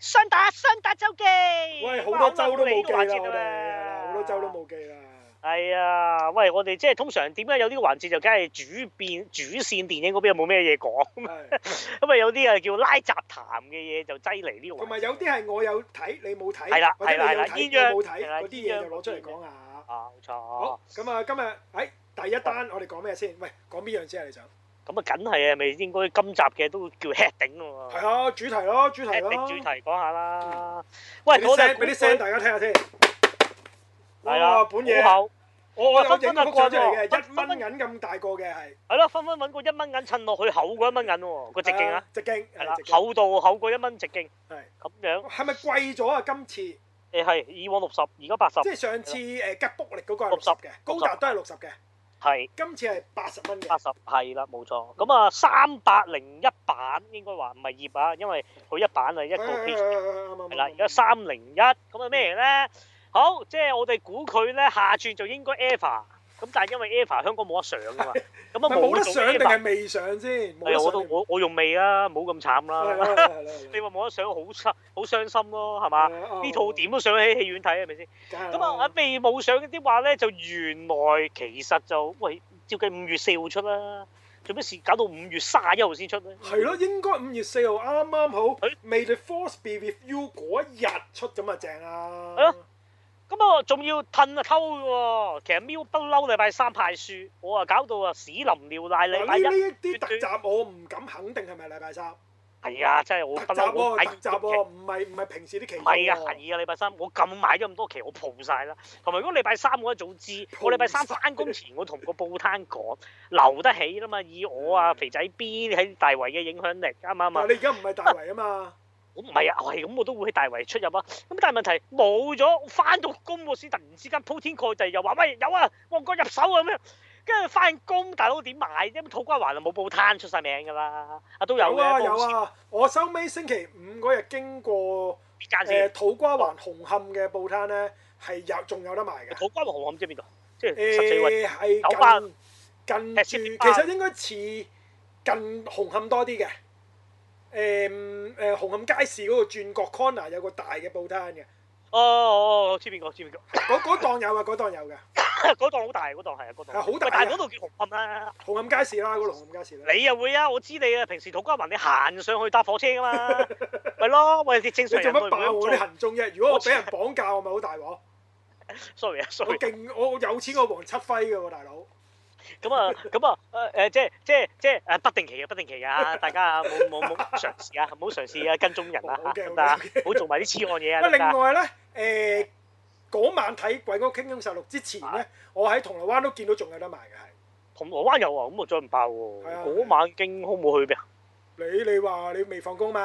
雙打，雙打週記。喂，好多周都冇記啦，好多周都冇記啦。係啊，喂，我哋即係通常點解有呢個環節就梗係主變主線電影嗰邊有冇咩嘢講，咁啊有啲啊叫拉雜談嘅嘢就擠嚟呢個。同埋有啲係我有睇你冇睇，或者你有睇我冇睇嗰啲嘢就攞出嚟講下。啊，冇錯。好，咁啊今日喺第一單我哋講咩先？喂，講邊樣先啊？你想？咁啊，梗係啊，咪應該今集嘅都會叫 heading 咯喎。係啊，主題咯，主題咯。heading 主題講下啦。喂，我俾啲聲大家聽下先。係啊，本嘢厚。我我有隻木章嘅，一蚊銀咁大個嘅係。係咯，分分揾個一蚊銀襯落去厚過一蚊銀喎，個直徑啊。直徑。係啦。厚度厚過一蚊直徑。係。咁樣。係咪貴咗啊？今次。誒係，以往六十，而家八十。即係上次誒吉卜力嗰個。六十嘅。高達都係六十嘅。係，是今次係八十蚊，八十係啦，冇錯。咁啊，三百零一版應該話唔係二版，因為佢一版係一個 P，係啦，而家三零一咁係咩咧？好，即係我哋估佢咧下轉就應該 Alpha 咁但係因為 Ever 香港冇得上㗎嘛，咁啊冇得上定係未上先？上哎我都我我用未啊，冇咁慘啦。你話冇得上好失好傷心咯，係嘛？呢、哦、套點都上喺戲院睇係咪先？咁啊，未冇上啲話咧，就原來其實就喂，照計五月四號出啦，啊，做咩事搞到五月卅一號先出咧？係咯，應該五月四號啱啱好，May the Force Be With You 嗰一日出咁啊正啊！係咯。咁啊，仲要褪啊偷喎，其實 MiLK 不嬲，禮拜三派書，我啊搞到啊屎淋尿瀨你禮拜一。咁呢啲特集我唔敢肯定係咪禮拜三。係啊，真係我不嬲買特集喎，唔係唔係平時啲期。唔係啊，係啊，禮拜三我咁買咗咁多期，我鋪晒啦。同埋如果禮拜三我一早知，了我禮拜三翻工前我同個報攤講留得起啦嘛，以我啊 肥仔 B 喺大圍嘅影響力啱唔啱？但你而家唔係大圍啊嘛。唔係啊，係咁我都會喺大圍出入啊。咁但係問題冇咗，翻到工我先突然之間鋪天蓋地又話喂，有啊，旺角入手啊咁樣。跟住翻工，大佬點買？因為土瓜灣啊冇報攤出晒名㗎啦。啊都有咩啊？有啊，我收尾星期五嗰日經過誒土瓜灣紅磡嘅報攤咧，係有仲有得賣嘅。土瓜灣紅磡知邊度？哦，欸、即係十四位九百近，近近住其實應該似近紅磡多啲嘅。誒誒紅磡街市嗰個轉角 corner 有個大嘅報攤嘅。哦，知邊個？知邊個？嗰嗰檔有啊，嗰檔有嘅，嗰 檔好大，嗰檔係啊，嗰檔。係好大，但係嗰度叫紅磡啦，紅磡街市啦，嗰個紅磡街市。你又會啊？我知你啊，平時土瓜灣你行上去搭火車㗎嘛。係 咯，揾啲正常做乜暴露我啲行蹤啫、啊？如果我俾人綁架是是， Sorry, 我咪好大鑊？Sorry 啊，sorry。我勁，我有錢過黃七輝嘅喎，大佬。咁啊，咁啊，誒誒，即係即係即係誒，不定期嘅，不定期嘅，大家啊，冇冇冇嘗試啊，冇嘗試啊，跟蹤人啊，好驚啊，好做埋啲黐案嘢啊！咁另外咧，誒嗰晚睇詭屋驚凶實錄之前咧，我喺銅鑼灣都見到仲有得賣嘅，係銅鑼灣有喎，咁我再唔爆喎。嗰晚傾空冇去邊啊？你你話你未放工嘛？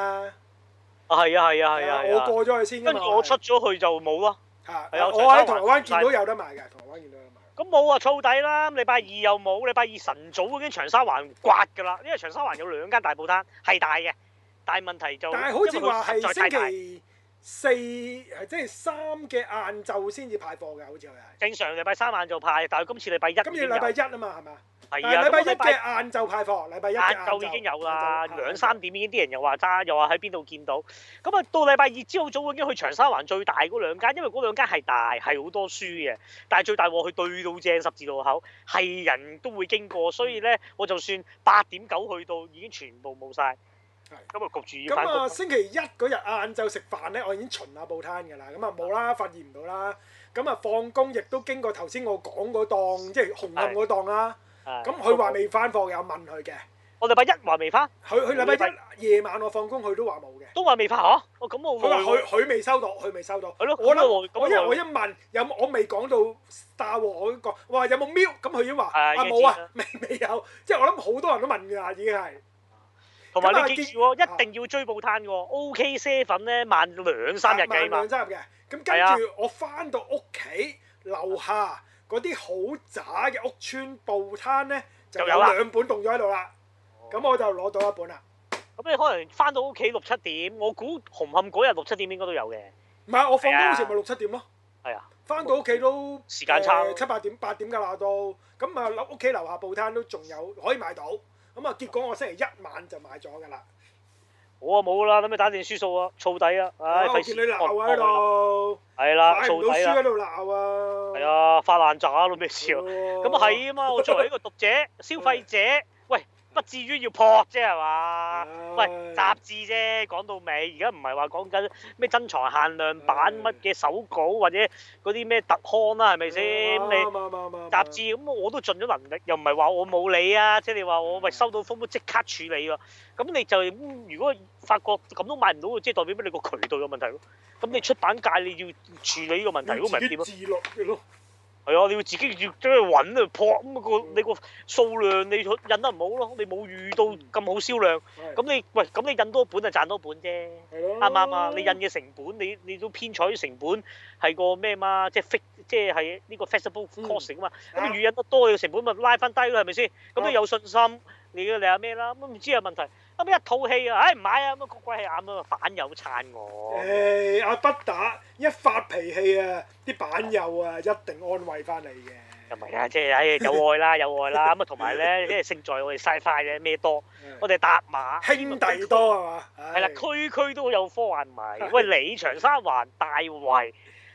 啊，係啊，係啊，係啊，我過咗去先，跟住我出咗去就冇啦。嚇！我喺銅鑼灣見到有得賣嘅，銅鑼灣見到。咁冇啊，燥底啦！禮拜二又冇，禮拜二晨早已經長沙灣刮噶啦，因為長沙灣有兩間大報攤，係大嘅，但係問題就，因為佢實在太大，好似話係星期四即係三嘅晏晝先至派貨㗎，好似係。正常禮拜三晏晝派，但係今次禮拜一。今次禮拜一啊嘛，係咪啊？係啊，禮拜一嘅晏晝派貨，禮拜一晏晝已經有啦，午兩三點已經啲人又話揸，又話喺邊度見到。咁啊、嗯，到禮拜二朝早已經去長沙灣最大嗰兩間，因為嗰兩間係大，係好多書嘅。但係最大喎，佢對到正十字路口，係人都會經過，所以呢，我就算八點九去到，已經全部冇晒。咁啊，星期一嗰日晏晝食飯咧，我已經巡下報攤嘅啦。咁啊冇啦，發現唔到啦。咁啊放工亦都經過頭先我講嗰檔，即係紅磡嗰檔啦。咁佢話未翻貨，有問佢嘅。我禮拜一話未翻。佢佢禮拜一夜晚我放工佢都話冇嘅。都話未翻嚇？我咁我佢佢佢未收到，佢未收到。係咯。我我我一問有我未講到 Star Wars 喎，我都講，我話有冇 MiLK？咁佢已經話啊冇啊，未未有。即係我諗好多人都問㗎，已經係。同埋你記住喎，一定要追報攤喎，OK share 粉咧，慢兩三日嘅嘛。嗯、兩三日嘅。咁跟住我翻到屋企，樓下嗰啲好渣嘅屋村報攤咧，就有兩本動咗喺度啦。咁我就攞到一本啦。咁你可能翻到屋企六七點，我估紅磡嗰日六七點應該都有嘅。唔係，我放工時咪六七點咯。係啊、嗯。翻、嗯、到屋企都時間差七八點八點㗎啦都。咁啊，屋企樓下報攤都仲有可以買到。咁啊！結果我星期一晚就買咗㗎啦，我啊冇啦，諗住打定輸數啊，燥底啊！唉、哎，費事、哎、你鬧啊喺度，係啦，燥底啊，老喺度鬧啊，係啊，發爛渣都咩事啊？咁啊係啊嘛，我作為一個讀者、 消費者。 不至於要破啫係嘛，啊、喂雜誌啫，講到尾而家唔係話講緊咩珍藏限量版乜嘅、啊、手稿或者嗰啲咩特刊啦係咪先？你雜誌咁我都盡咗能力，又唔係話我冇理啊，即係你話我喂收到封都即刻處理咯。咁你就如果發覺咁都買唔到，即係代表乜？你個渠道有問題咯。咁你出版界你要處理呢個問題，如果唔係點咯？係啊，你要自己要走去揾啊，破咁個你個數量，你印得唔好咯，你冇遇到咁好銷量，咁你喂咁你印多本就賺多本啫，啱唔啱啊？你印嘅成本，你你都偏採啲成本係個咩嘛？即係 fit，即係呢個 fixed cost 啊嘛，咁你預印得多嘅成本咪拉翻低咯，係咪先？咁你有信心，你要嚟下咩啦？咁唔知有問題。咁一套戲啊，唉、哎、唔買啊，咁啊個鬼係啱啊，反友撐我。誒、哎、阿畢打一發脾氣啊，啲版友啊一定安慰翻你嘅。又唔係啊，即係唉有愛啦，有愛啦，咁啊同埋咧，即係勝在我哋 Sci-Fi 嘅咩多，嗯、我哋搭馬、嗯、兄弟多係嘛？係啦、嗯嗯，區區都有科幻迷。嗯、喂，你長沙環大圍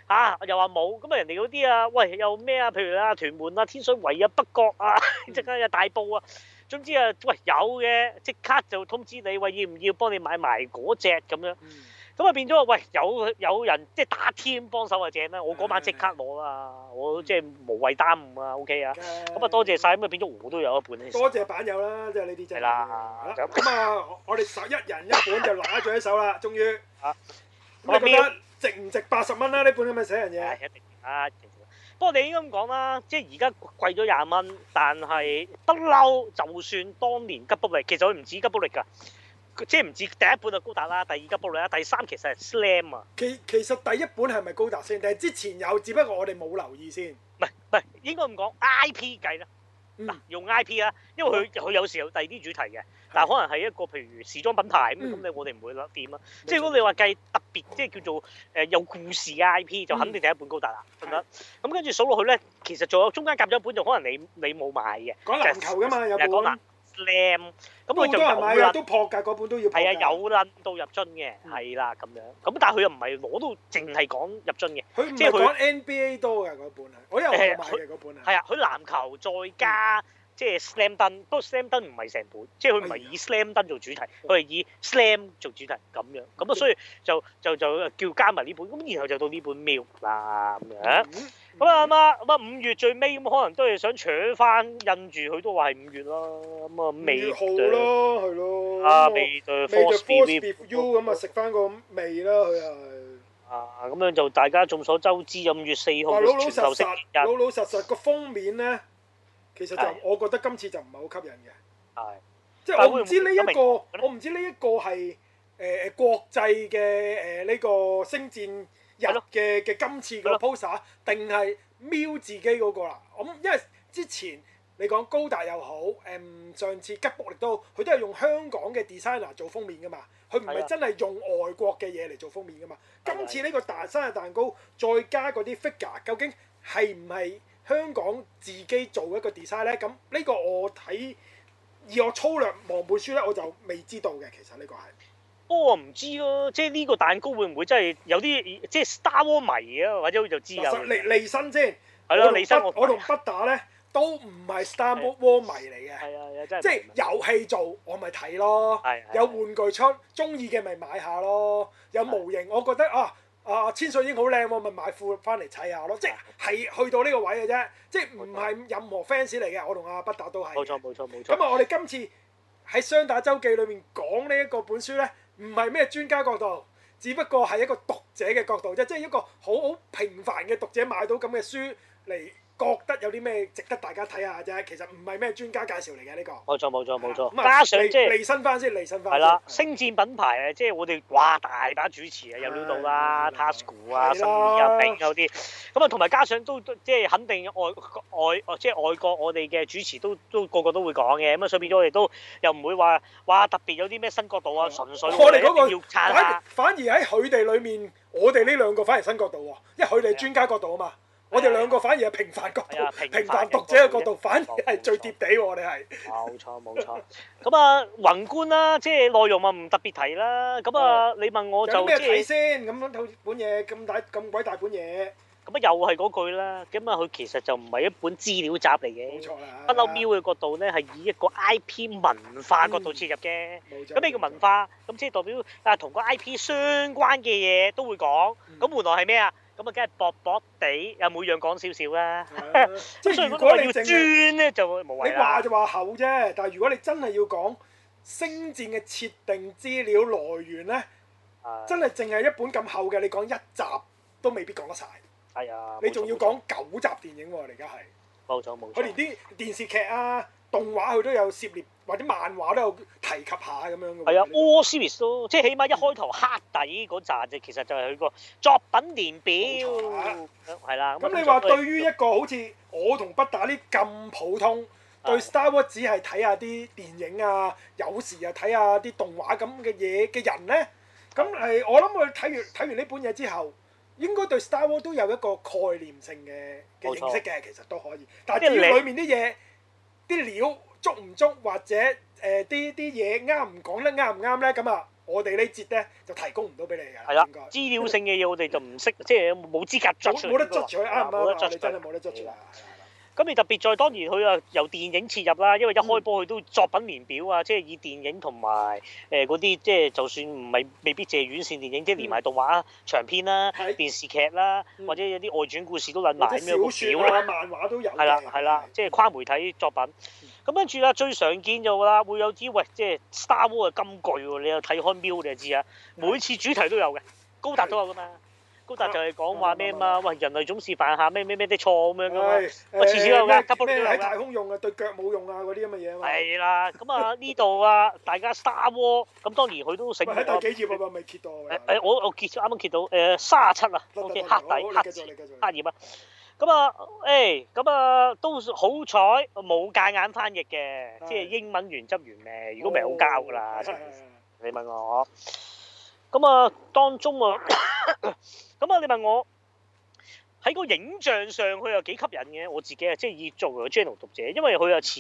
嚇又話冇，咁啊人哋嗰啲啊，又有有喂又咩啊？譬如啊，屯門啊，天水，水圍啊，北角啊，即刻有大埔啊！總之啊，喂，有嘅即刻就通知你，喂，要唔要幫你買埋嗰隻咁樣？咁啊、嗯、變咗喂，有有人即係打 Team 幫手就正啦。我嗰晚即刻攞啦，嗯、我即係無謂耽誤啊。OK 啊，咁啊多謝晒，咁啊變咗我都有一本。多謝版友啦，即係呢啲真係。係啦。咁啊，麼啊我哋十一人一本就拿咗一手啦，終於。嚇！你覺得值唔值八十蚊啦？呢本係咪寫人嘢？係一定值。不過你應該咁講啦，即係而家貴咗廿蚊，但係不嬲。就算當年吉卜力，其實佢唔止吉卜力㗎，即係唔止第一本就高達啦，第二吉卜力啦，第三其實係 SLAM 啊。其實其實第一本係咪高達先？但係之前有，只不過我哋冇留意先。唔係唔係，應該咁講 IP 計啦。嗱，嗯、用 I P 啊，因為佢佢有時有第二啲主題嘅，但係可能係一個譬如時裝品牌咁，咁你、嗯、我哋唔會攞點啊。沒錯 即係如果你話計特別，即係叫做誒、呃、有故事嘅 I P，就肯定第一本高達啦，得唔得？咁跟住數落去咧，其實仲有中間夾咗一本，就可能你你冇買嘅，講籃球咁啊、就是、有本講。靚，咁我仲有撚，都破格嗰本都要。係啊，有啦，到入樽嘅，係啦咁樣。咁但係佢又唔係攞到，淨係講入樽嘅。佢唔係講 NBA 多嘅嗰本啊，我又冇買嗰本啊。係啊，佢籃球再加。嗯即係 slam 登，不過 slam 登唔係成本，即係佢唔係以 slam 登做主題，佢係、哎、呀以 slam、嗯、做主題咁樣，咁啊所以就就就叫加埋呢本，咁然後就到呢本 MiLK 啦咁樣。咁啊阿媽，咁啊五月最尾咁，可能都係想搶翻印住，佢都話係五月咯。咁啊五月號咯，係咯。啊，未對 force be with you 咁啊，食翻個味啦，佢係。啊，咁樣就大家眾所周知，有五月四號嘅全球式。老老實實個封面咧。其實就我覺得今次就唔係好吸引嘅，係的即係我唔知呢一個，的我唔知呢一個係誒誒國際嘅誒呢個星戰入嘅嘅今次個 poster 定係瞄自己嗰、那個啦。咁因為之前你講高達又好，誒上次吉卜力都好，佢都係用香港嘅 designer 做封面噶嘛，佢唔係真係用外國嘅嘢嚟做封面噶嘛。的今次呢個大生日蛋糕再加嗰啲 figure，究竟係唔係？香港自己做一個 design 咧，咁呢個我睇以我粗略望本書咧，我就未知道嘅。其實呢個係，我唔、哦、知咯、啊。即係呢個蛋糕會唔會真係有啲即係 Star Wars 迷啊？或者會就知有。辛、辛尼先。係咯的，辛尼我同不打咧都唔係 Star Wars 迷嚟嘅。係啊，真係。即係的遊戲做，我咪睇咯。的有玩具出，中意嘅咪買下咯。有模型，的我覺得啊。啊！千歲鷹好靚喎，咪買副翻嚟砌下咯。即係去到呢個位嘅啫，冇錯。即係唔係任何 fans 嚟嘅。我同阿不打都係。冇錯，冇錯，冇錯。咁啊，我哋今次喺《雙打週記》裏面講呢一個本書呢，唔係咩專家角度，只不過係一個讀者嘅角度啫，即係一個好好平凡嘅讀者買到咁嘅書嚟。覺得有啲咩值得大家睇下啫，其實唔係咩專家介紹嚟嘅呢個。冇錯，冇錯，冇錯，加上即係利申翻先，利申翻。係啦，星戰品牌啊，即係我哋哇大把主持啊，有料到啦 TASUKU 啊，辛尼啊啲。咁啊，同埋加上都即係肯定外外即係外國我哋嘅主持都都個個都會講嘅，咁啊所以變咗我哋都又唔會話話特別有啲咩新角度啊，純粹我哋要撐啊。反而喺佢哋裏面，我哋呢兩個反而新角度喎，因為佢哋專家角度啊嘛。我哋兩個反而係平凡角，平凡讀者嘅角度，反而係最貼地喎。我哋係，冇錯冇錯。咁啊，宏觀啦，即係內容啊唔特別提啦。咁啊，你問我就即係先咁樣套本嘢，咁大咁鬼大本嘢。咁啊，又係嗰句啦。咁啊，佢其實就唔係一本資料集嚟嘅。冇錯啦。不嬲 MiLK 嘅角度咧，係以一個 IP 文化角度切入嘅。冇錯。咁呢個文化，咁即係代表啊，同個 IP 相關嘅嘢都會講。咁原來係咩啊？咁啊，梗係薄薄地，又每樣講少少啦。 即係如果你 如果要專咧，要就無謂你話就話厚啫，但係如果你真係要講《星戰》嘅設定資料來源咧，嗯、真係淨係一本咁厚嘅，你講一集都未必講得晒。係啊、哎呀，你仲要講九集電影喎、啊，你而家係冇錯冇錯，佢連啲電視劇啊、動畫佢都有涉獵。或者漫畫都有提及下咁樣。係啊，All series 都即係起碼一開頭黑底嗰紮啫，嗯、其實就係佢個作品年表嚇。係啦、嗯。咁、嗯、這樣 你話對於一個、嗯、好似我同不打呢咁普通，對 Star Wars 只係睇下啲電影啊，有時又睇下啲動畫咁嘅嘢嘅人咧，咁係我諗佢睇完睇完呢本嘢之後，應該對 Star Wars 都有一個概念性嘅嘅認識嘅，錯其實都可以。但係只要裡面啲嘢啲料。你嗯捉唔捉或者誒啲啲嘢啱唔講得啱唔啱咧？咁啊，我哋呢節咧就提供唔到俾你嘅。係啦，資料性嘅嘢我哋就唔識，即係冇資格捉冇得捉住啊！啱啊，冇得捉真係冇得捉住。咁你特別再當然佢啊由電影切入啦，因為一開波佢都作品年表啊，即係以電影同埋誒嗰啲即係就算唔係未必淨係院線電影，即係連埋動畫、長片啦、電視劇啦，或者有啲外傳故事都撚埋。小説啦，漫畫都有。係啦係啦，即係跨媒體作品。咁跟住啊，最常見就啦，會有啲喂，即係 Star War 金句喎，你又睇開 MiLK 你就知啊。每次主題都有嘅，高達都有噶嘛。高達就係講話咩嘛？喂，人類總係犯下咩咩咩啲錯咁樣噶嘛。喂，次次都有嘅。喺太空用嘅，對腳冇用啊，嗰啲咁嘅嘢嘛。係啦，咁啊呢度啊，大家 Star War。咁當然佢都醒喺度，第幾頁啊？我未揭到。誒誒，我我揭咗，啱啱揭到誒三十七啊。O K，黑底嚇二嚇二咁啊，誒，咁啊，都好彩，冇夾硬翻譯嘅，即係英文原汁原味。如果唔係好膠㗎啦，你問我。咁啊，當中啊，咁啊，你問我。喺個影像上，佢又幾吸引嘅。我自己啊，即係以做 journal 讀者，因為佢又似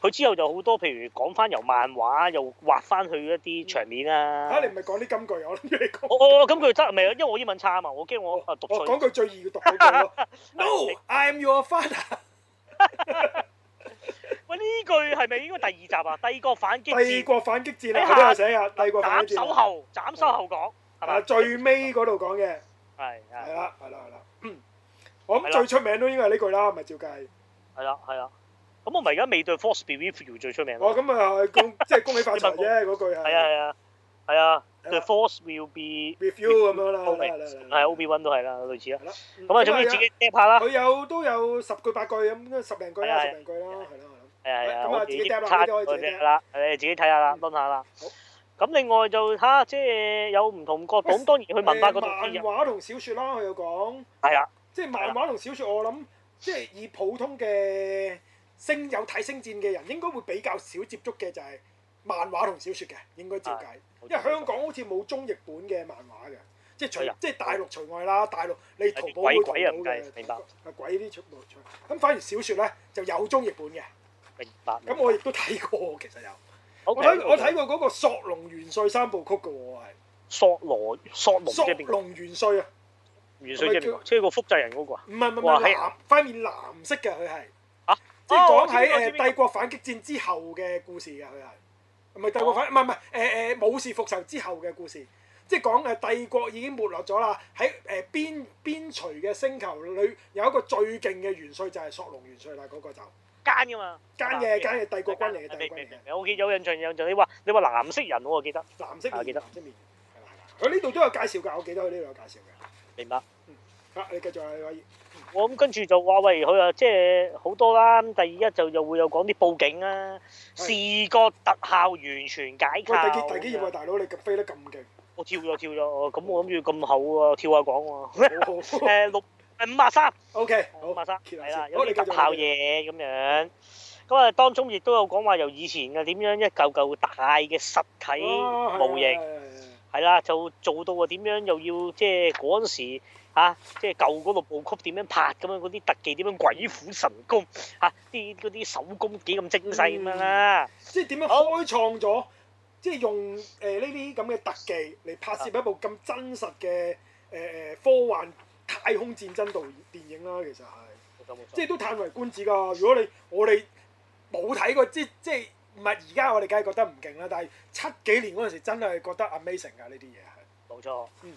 佢之後就好多，譬如講翻由漫畫又畫翻去一啲場面啊。嚇！你唔係講啲金句，我諗住你講。我我我咁句得未？因為我英文差啊嘛，我驚我啊讀錯。講句最易讀嘅句。No，I'm your father。喂，呢句係咪應該第二集啊？帝國反擊。帝國反擊戰咧。下。斬手後。斬手後講。係嘛？最尾嗰度講嘅。係。係啦，係啦，係啦。我諗最出名都應該係呢句啦，咪照計。係啦，係啦。咁我咪而家未對 force be with you 最出名咯。哦，咁啊，恭即係恭喜發財啫嗰句。係啊係啊，係啊，the force will be with you 咁樣啦，係咪啊？係 ob one 都係啦，類似啦。咁啊，總之自己夾下啦。佢有都有十句八句咁，十零句啦，十零句啦，係咯。係啊係啊。咁啊，自己夾下都可以自己夾啦。誒，自己睇下啦，問下啦。好。咁另外就嚇，即係有唔同角度，當然去文化嗰度書入。誒，漫畫同小説啦，佢有講。係啊。即係漫畫同小説，我諗即係以普通嘅星有睇《星戰》嘅人，應該會比較少接觸嘅就係漫畫同小説嘅，應該照計。因為香港好似冇中譯本嘅漫畫嘅，即係除的即係大陸除外啦。大陸你淘寶會淘寶嘅，啊，明白？鬼啲出冇出？咁反而小説咧就有中譯本嘅。明白。咁我亦都睇過，其實有。Okay, 我睇白我睇過嗰、嗰個《索隆元帥》三部曲嘅我係。索羅索龍係邊？龍元帥啊！元帥，超過複製人嗰個啊？唔係唔係唔係，藍塊面藍色嘅佢係啊！即係講喺誒帝國反擊戰之後嘅故事嘅佢係，唔係帝國反唔係唔係誒誒武士復仇之後嘅故事，即係講誒帝國已經沒落咗啦。喺誒邊邊陲嘅星球裏有一個最勁嘅元帥就係索隆元帥啦，嗰個就奸嘅嘛，奸嘅奸嘅帝國軍嚟嘅帝國軍嚟嘅。有記有印象有印象，你話你話藍色人我記得，藍色面記得藍色面，佢呢度都有介紹㗎，我記得佢呢度有介紹嘅，明白。你繼續啊，阿葉。我諗跟住就話：喂，佢啊，即係好多啦。咁第二一就又會有講啲佈景啦，視覺特效完全解構。第幾第幾頁啊，大佬，你飛得咁勁！我跳咗跳咗，咁我諗住咁好喎，跳下講喎。六誒五啊三。O K，五啊三。係啦，有啲特效嘢咁樣。咁啊，當中亦都有講話由以前嘅點樣一嚿嚿大嘅實體模型係啦，就做到啊點樣又要即係嗰陣時。嚇、啊！即係舊嗰度部曲點樣拍咁樣，嗰啲特技點樣鬼斧神工嚇？啲、啊、啲手工幾咁精細咁樣啦。即係點樣開創咗？啊、即係用誒呢啲咁嘅特技嚟拍攝一部咁真實嘅誒誒科幻太空戰爭導電影啦、啊。其實係，即係都歎為觀止㗎。如果你我哋冇睇過，即即係唔係而家我哋梗係覺得唔勁啦。但係七幾年嗰陣時真係覺得 amazing 噶，呢啲嘢係。冇錯，嗯。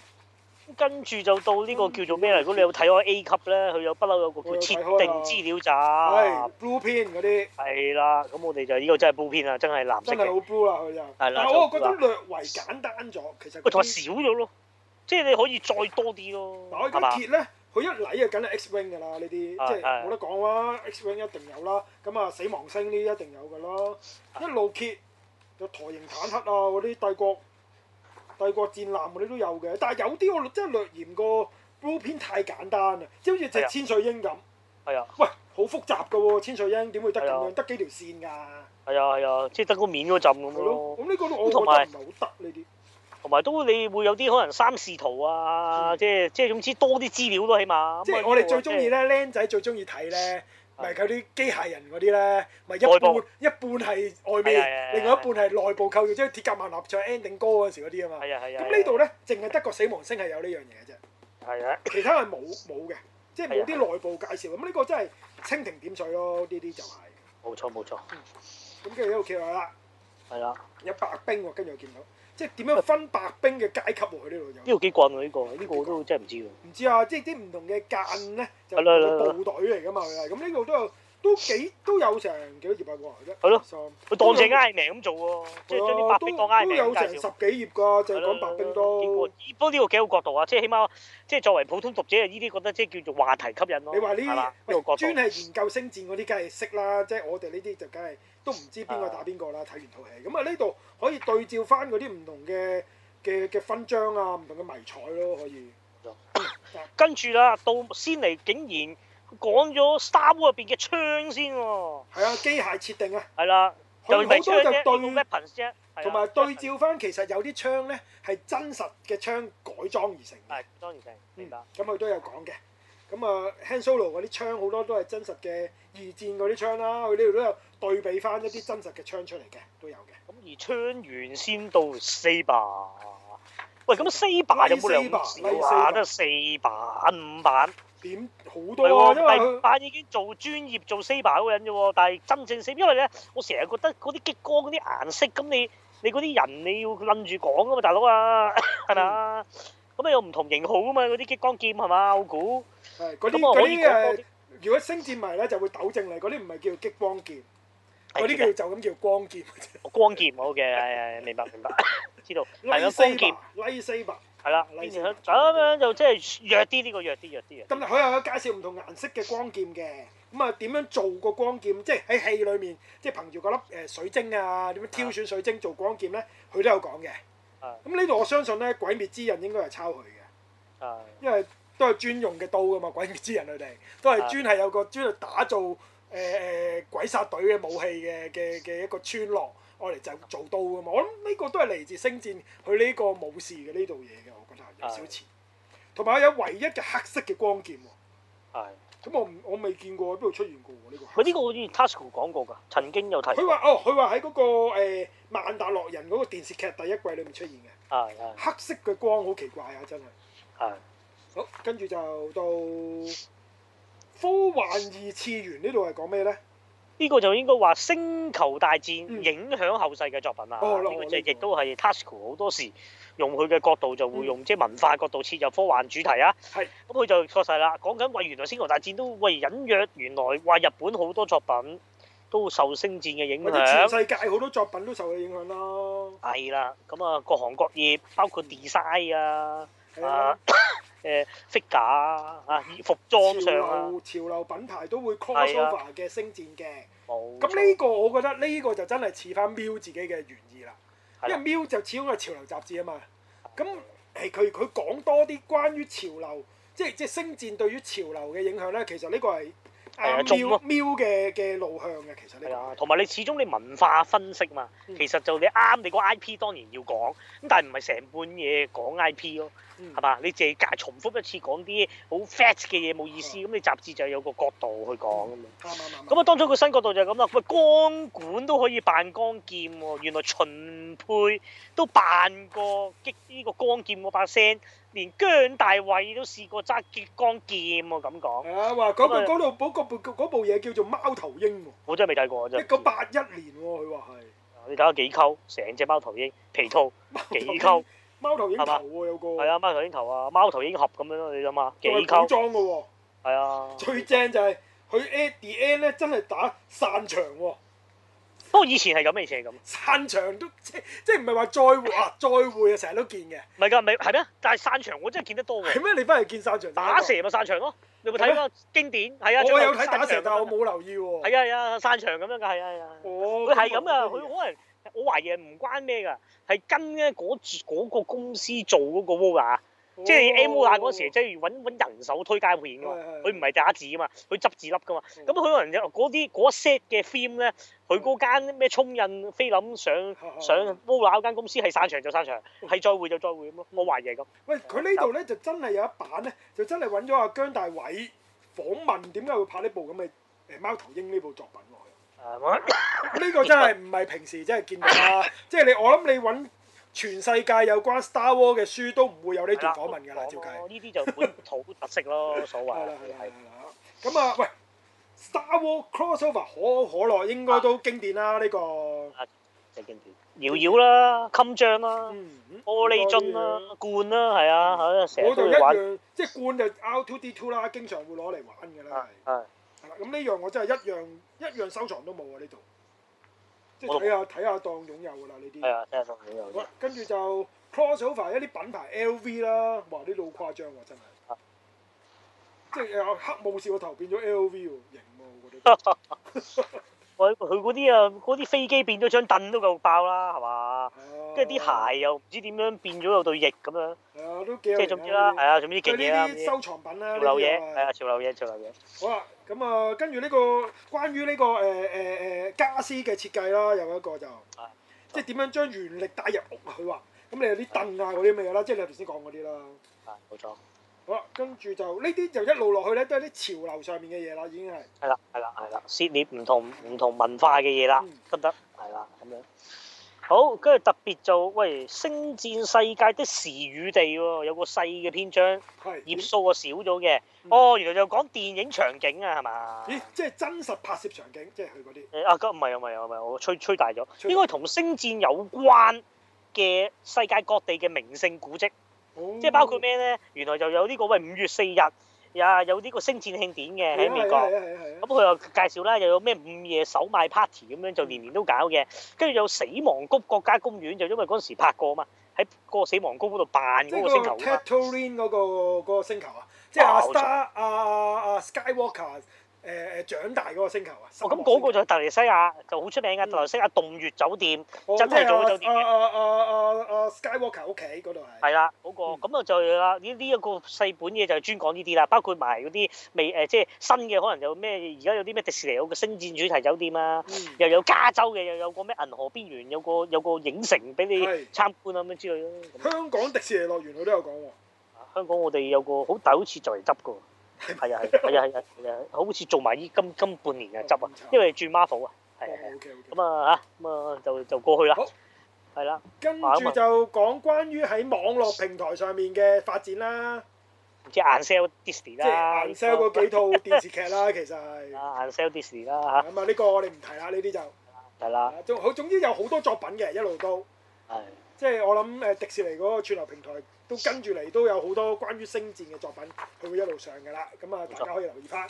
跟住就到呢個叫做咩嚟？如果你有睇我 A 級咧，佢有不嬲有個叫設定資料集，blueprint 嗰啲。係啦，咁 我哋就呢、呢個真係 blueprint 啊，的但 真係藍色嘅。真係好 blue 啦，佢就。但係我覺得略為簡單咗，其實。佢同埋少咗咯，即係你可以再多啲咯。嗱，咁揭咧，佢一嚟啊，梗係 X-wing 㗎啦，呢啲即係冇得講啦，X-wing 一定有啦。咁啊，死亡星呢一定有㗎咯， 一路揭就台型坦克啊，嗰啲帝國。帝國戰艦嗰啲都有嘅，但係有啲我真係略嫌個鋪片太簡單啦，即係好似隻千歲鷹咁。係啊的。喂，好、嗯、複雜噶喎，千歲鷹點會得咁樣？的得幾條線㗎？係啊係啊，即係得個面嗰陣咁咯。咁呢個都我覺得唔係好得呢啲。同埋都你會有啲可能三視圖啊，即係即係總之多啲資料咯，起碼、嗯。即係我哋最中意咧，僆仔最中意睇咧。 咪靠啲機械人嗰啲咧，咪一半部一半係外面，另外一半係內部構造，即、就、係、是、鐵甲萬能俠 ending 歌嗰時嗰啲啊嘛。咁呢度咧，淨係得個死亡星係有呢樣嘢啫。係啊的。其他係冇冇嘅，的即係冇啲內部介紹。咁、那、呢個真係蜻蜓點水咯，呢啲就係、是。冇錯冇錯。咁跟住喺屋企落啦。係啦、嗯的。有白兵喎，跟住我見到。即係點樣分白兵嘅階級喎、啊？呢度、啊、有呢度幾怪喎、啊？呢、啊呢個呢個、啊、我都真係唔知喎。唔知啊，即係啲唔同嘅間咧，啊、就係部隊嚟㗎嘛，佢係咁呢個都。有。都幾都有成幾多頁百個啊啫！係咯，佢當借挨命咁做喎，即係將啲白兵當挨命都有成十幾頁㗎、啊，就了講白兵刀。不過呢個幾好角度啊，即係起碼即係作為普通讀者啊，呢啲覺得即係叫做話題吸引咯、啊。你話呢？呢個角度專係研究星戰嗰啲梗係識啦，了即係我哋呢啲就梗係都唔知邊個打邊個啦。睇了完套戲咁啊，呢度可以對照翻嗰啲唔同嘅嘅嘅勳章啊，唔同嘅迷彩咯、啊，可以。 跟住啦、啊，到先嚟竟然。講咗 Star Wars 入邊嘅槍先喎、啊，係啊，機械設定啊，係啦、啊，好多就對同埋、啊、對照翻其實有啲槍咧係真實嘅槍改裝而成嘅，係，裝而成，明白？咁佢、嗯、都有講嘅，咁啊，Han Solo 嗰啲槍好多都係真實嘅二戰嗰啲槍啦、啊，佢呢度都有對比翻一啲真實嘅槍出嚟嘅，都有嘅。咁而槍原先到 Saber，喂，咁啊 Saber 有冇兩小下？四版五版點？好多喎，第五版已經做專業做 saber 嗰個人啫喎，但係真正 C，因為咧我成日覺得嗰啲激光嗰啲顏色，咁你你嗰啲人你要諗住講噶嘛，大佬啊，係咪啊？咁啊有唔同型號啊嘛，嗰啲激光劍係嘛，我估。係嗰啲嗰啲，如果星戰迷咧就會糾正你，嗰啲唔係叫激光劍，嗰啲叫做就咁叫光劍。光劍好嘅，係係明白明白，知道係有四劍。第四把。係啦，變成咁樣就即係弱啲呢、呢個弱啲弱啲咁，佢又有介紹唔同顏色嘅光劍嘅。咁啊點樣做個光劍？即係喺戲裏面，即係憑住嗰粒誒水晶啊，點樣挑選水晶做光劍咧？佢是的 都有講嘅。咁呢度我相信咧，鬼滅之刃應該係抄佢嘅。啊。是的 因為都係專用嘅刀噶嘛，鬼滅之刃佢哋都係專係有個專係打造誒誒、呃、鬼殺隊嘅武器嘅嘅嘅一個村落。我嚟就做到噶嘛，我諗呢個都係嚟自星戰佢呢個武士嘅呢度嘢嘅，我覺得有少少似。同埋的有唯一嘅黑色嘅光劍喎。咁的我我未見過喺邊度出現過喎呢、呢個。佢呢個好似 Tasuku 講過㗎，曾經有睇佢話：哦，佢話喺嗰個誒、呃《曼達洛人》嗰個電視劇第一季裏面出現嘅。係的黑色嘅光好奇怪啊，真係。係的。好，跟住就到《科幻二次元》呢度係講咩咧？呢個就應該話《星球大戰》影響後世嘅作品啦，呢、哦哦哦、個亦都係 TASUKU 好多時用佢嘅角度就會用即係文化角度切入科幻主題啊。係、嗯，咁佢就確實啦，講緊喂原來《星球大戰》都喂隱約原來話日本好多作品都受《星戰》嘅影響。或者全世界好多作品都受佢影響咯。係啦，咁、那個、啊，各行各業包括 design 啊。 誒飾架啊！啊，服裝潮流品牌都會 crossover 嘅星戰嘅，咁呢個我覺得呢個就真係似翻《瞄》自己嘅原意啦。因為《瞄》就始終係潮流雜誌啊嘛。咁誒，佢佢講多啲關於潮流，即係即係星戰對於潮流嘅影響咧。其實呢個係《瞄》《瞄》嘅嘅路向嘅，其實呢個同埋你始終你文化分析嘛。其實就你啱，你個 I P 當然要講，咁但係唔係成半嘢講 I P 咯。係嘛？你淨係隔重複一次講啲好 fat 嘅嘢冇意思，咁你、嗯、雜誌就有個角度去講咁啊。咁啊、嗯，嗯嗯嗯、當初個新角度就係咁啦。喂，光管都可以扮光劍喎、哦，原來秦沛都扮過激呢個光劍嗰把聲，連姜大衛都試過揸激光劍喎、哦，咁講。係啊，嗰、嗯就是、部部嘢叫做貓、哦《哦、貓頭鷹》喎。我真係未睇過真。一九八一年喎，佢話係。你睇下幾溝，成隻貓頭鷹皮套幾溝。貓頭鷹頭喎，有個。係啊，貓頭鷹頭啊，貓頭鷹盒咁樣咯，你諗下。都係古裝嘅喎。係啊。最正就係佢 Adidas 咧，真係打散場喎。不過以前係咁，以前係咁。散場都即即唔係話再會啊，再會啊，成日都見嘅。唔係㗎，唔係咩？但係散場我真係見得多嘅。係咩？你翻嚟見散場？打蛇咪散場咯。你有冇睇嗰個經典？係啊。我有睇打蛇，但係我冇留意喎。係啊係啊，散場咁樣㗎，係啊。哦。佢係咁啊，佢可能。我懷疑唔關咩噶，係跟咧嗰嗰個公司做嗰個 logo、er, 哦哦哦、啊、哦哦，即係 MUA 嗰時，即係揾揾人手推介片噶嘛，佢唔係打字噶嘛，佢執字粒噶嘛，咁佢可能有嗰啲嗰 set 嘅 film 咧，佢嗰間咩沖印菲林上上 logo 嗰間公司係散場就散場，係、嗯、再會就再會咁咯，我懷疑係咁。喂，佢呢度咧就真係有一版咧，就真係揾咗阿姜大偉訪問，點解會拍呢部咁嘅誒貓頭鷹呢部作品喎？呢 T uber mic 個真係唔係平時真係見到啦，即係 T uber mic 你我諗你揾全世界有關 Star Wars 嘅書都唔會有呢段訪問㗎啦。照計，呢啲就本土特色咯，所謂係啦，係啦，係啦。咁啊，喂，Star Wars crossover 可可樂應該都經典、這個啊、啦，呢個真經典。搖搖啦，襟章啦，玻璃樽啦，罐啦，係啊、嗯，嚇、嗯，成日都會玩。即係罐就 R2、就是、D2 啦，經常會攞嚟玩㗎啦。係。咁呢樣我真係一樣一樣收藏都冇啊！呢度即係睇下睇下當擁有噶啦呢啲。係啊，睇下當擁有。好跟住就 cross over 一啲品牌 LV 啦，哇！啲老誇張喎、啊，真係。啊、即係黑武士個頭變咗 LV 型喎，我覺得。喂，佢嗰啲啊，嗰啲飛機變咗張凳都夠爆啦，係嘛？跟住啲鞋又唔知點樣變咗有對翼咁樣，即係總之啦，係啊，總之幾勁，呢啲收藏品啦，潮流嘢，係啊，潮流嘢，潮流嘢。好啦，咁啊，跟住呢個關於呢個誒誒誒傢俬嘅設計啦，有一個就，即係點樣將原力帶入屋去話，咁你有啲凳啊嗰啲乜嘢啦，即係你頭先講嗰啲啦。係，冇錯。好啦，跟住就呢啲就一路落去咧，都係啲潮流上面嘅嘢啦，已經係。係啦，係啦，係啦，涉獵唔同唔同文化嘅嘢啦，得唔得？係啦，咁樣。好，跟住特別做。喂《星戰世界的時與地、哦》喎，有個細嘅篇章，頁數啊少咗嘅。嗯、哦，原來就講電影場景啊，係嘛？咦，即係真實拍攝場景，即係佢嗰啲。誒、哎、啊，唔係唔係唔係，我吹吹大咗，大應該同《星戰》有關嘅世界各地嘅名勝古蹟，嗯、即係包括咩咧？原來就有呢、這個喂五月四日。呀，yeah, 有呢個星戰慶典嘅喺的美國，咁佢又介紹啦，又有咩午夜首賣 party 咁樣，就年年都搞嘅。跟住有死亡谷國家公園，就因為嗰陣時拍過嘛，喺個死亡谷嗰度扮嗰個星球啊。即個 Tatooine 嗰個星球啊，即阿 Star 阿阿 Skywalker。誒誒長大嗰個星球啊！球哦，咁、那、嗰個就係突尼西亞啊，就好出名嘅突尼西亞啊，洞穴酒店，哦、真係做酒店啊啊啊啊，啊 Skywalker 屋企嗰度係。係、那、啦、個，嗰、嗯這個咁啊、這個、就係啦，呢呢一個細本嘢就專講呢啲啦，包括埋嗰啲未誒、呃，即係新嘅可能有咩？而家有啲咩迪士尼有個星戰主題酒店啊，嗯、又有加州嘅又有個咩銀河邊緣有個有個影城俾你參觀啊咁是樣之類咯。嗯、香港迪士尼樂園我都有講喎、啊。香港我哋有個大好第好似就嚟執嘅。係啊係啊係啊係啊，好似做埋呢今今半年啊，執啊，因為轉 Marvel 啊，係啊，咁啊吓，咁啊就就過去啦，係啦。跟住就講關於喺網絡平台上面嘅發展啦，即係硬 sell Disney 啦，即係硬 sell 嗰幾套電視劇啦，其實係。啊，硬 sell Disney 啦吓。咁啊，呢個我哋唔提啦，呢啲就係啦。總好，總之有好多作品嘅一路都係，即係我諗誒，迪士尼嗰個串流平台。都跟住嚟都有好多關於星戰嘅作品，佢會一路上嘅啦。咁啊，大家可以留意翻。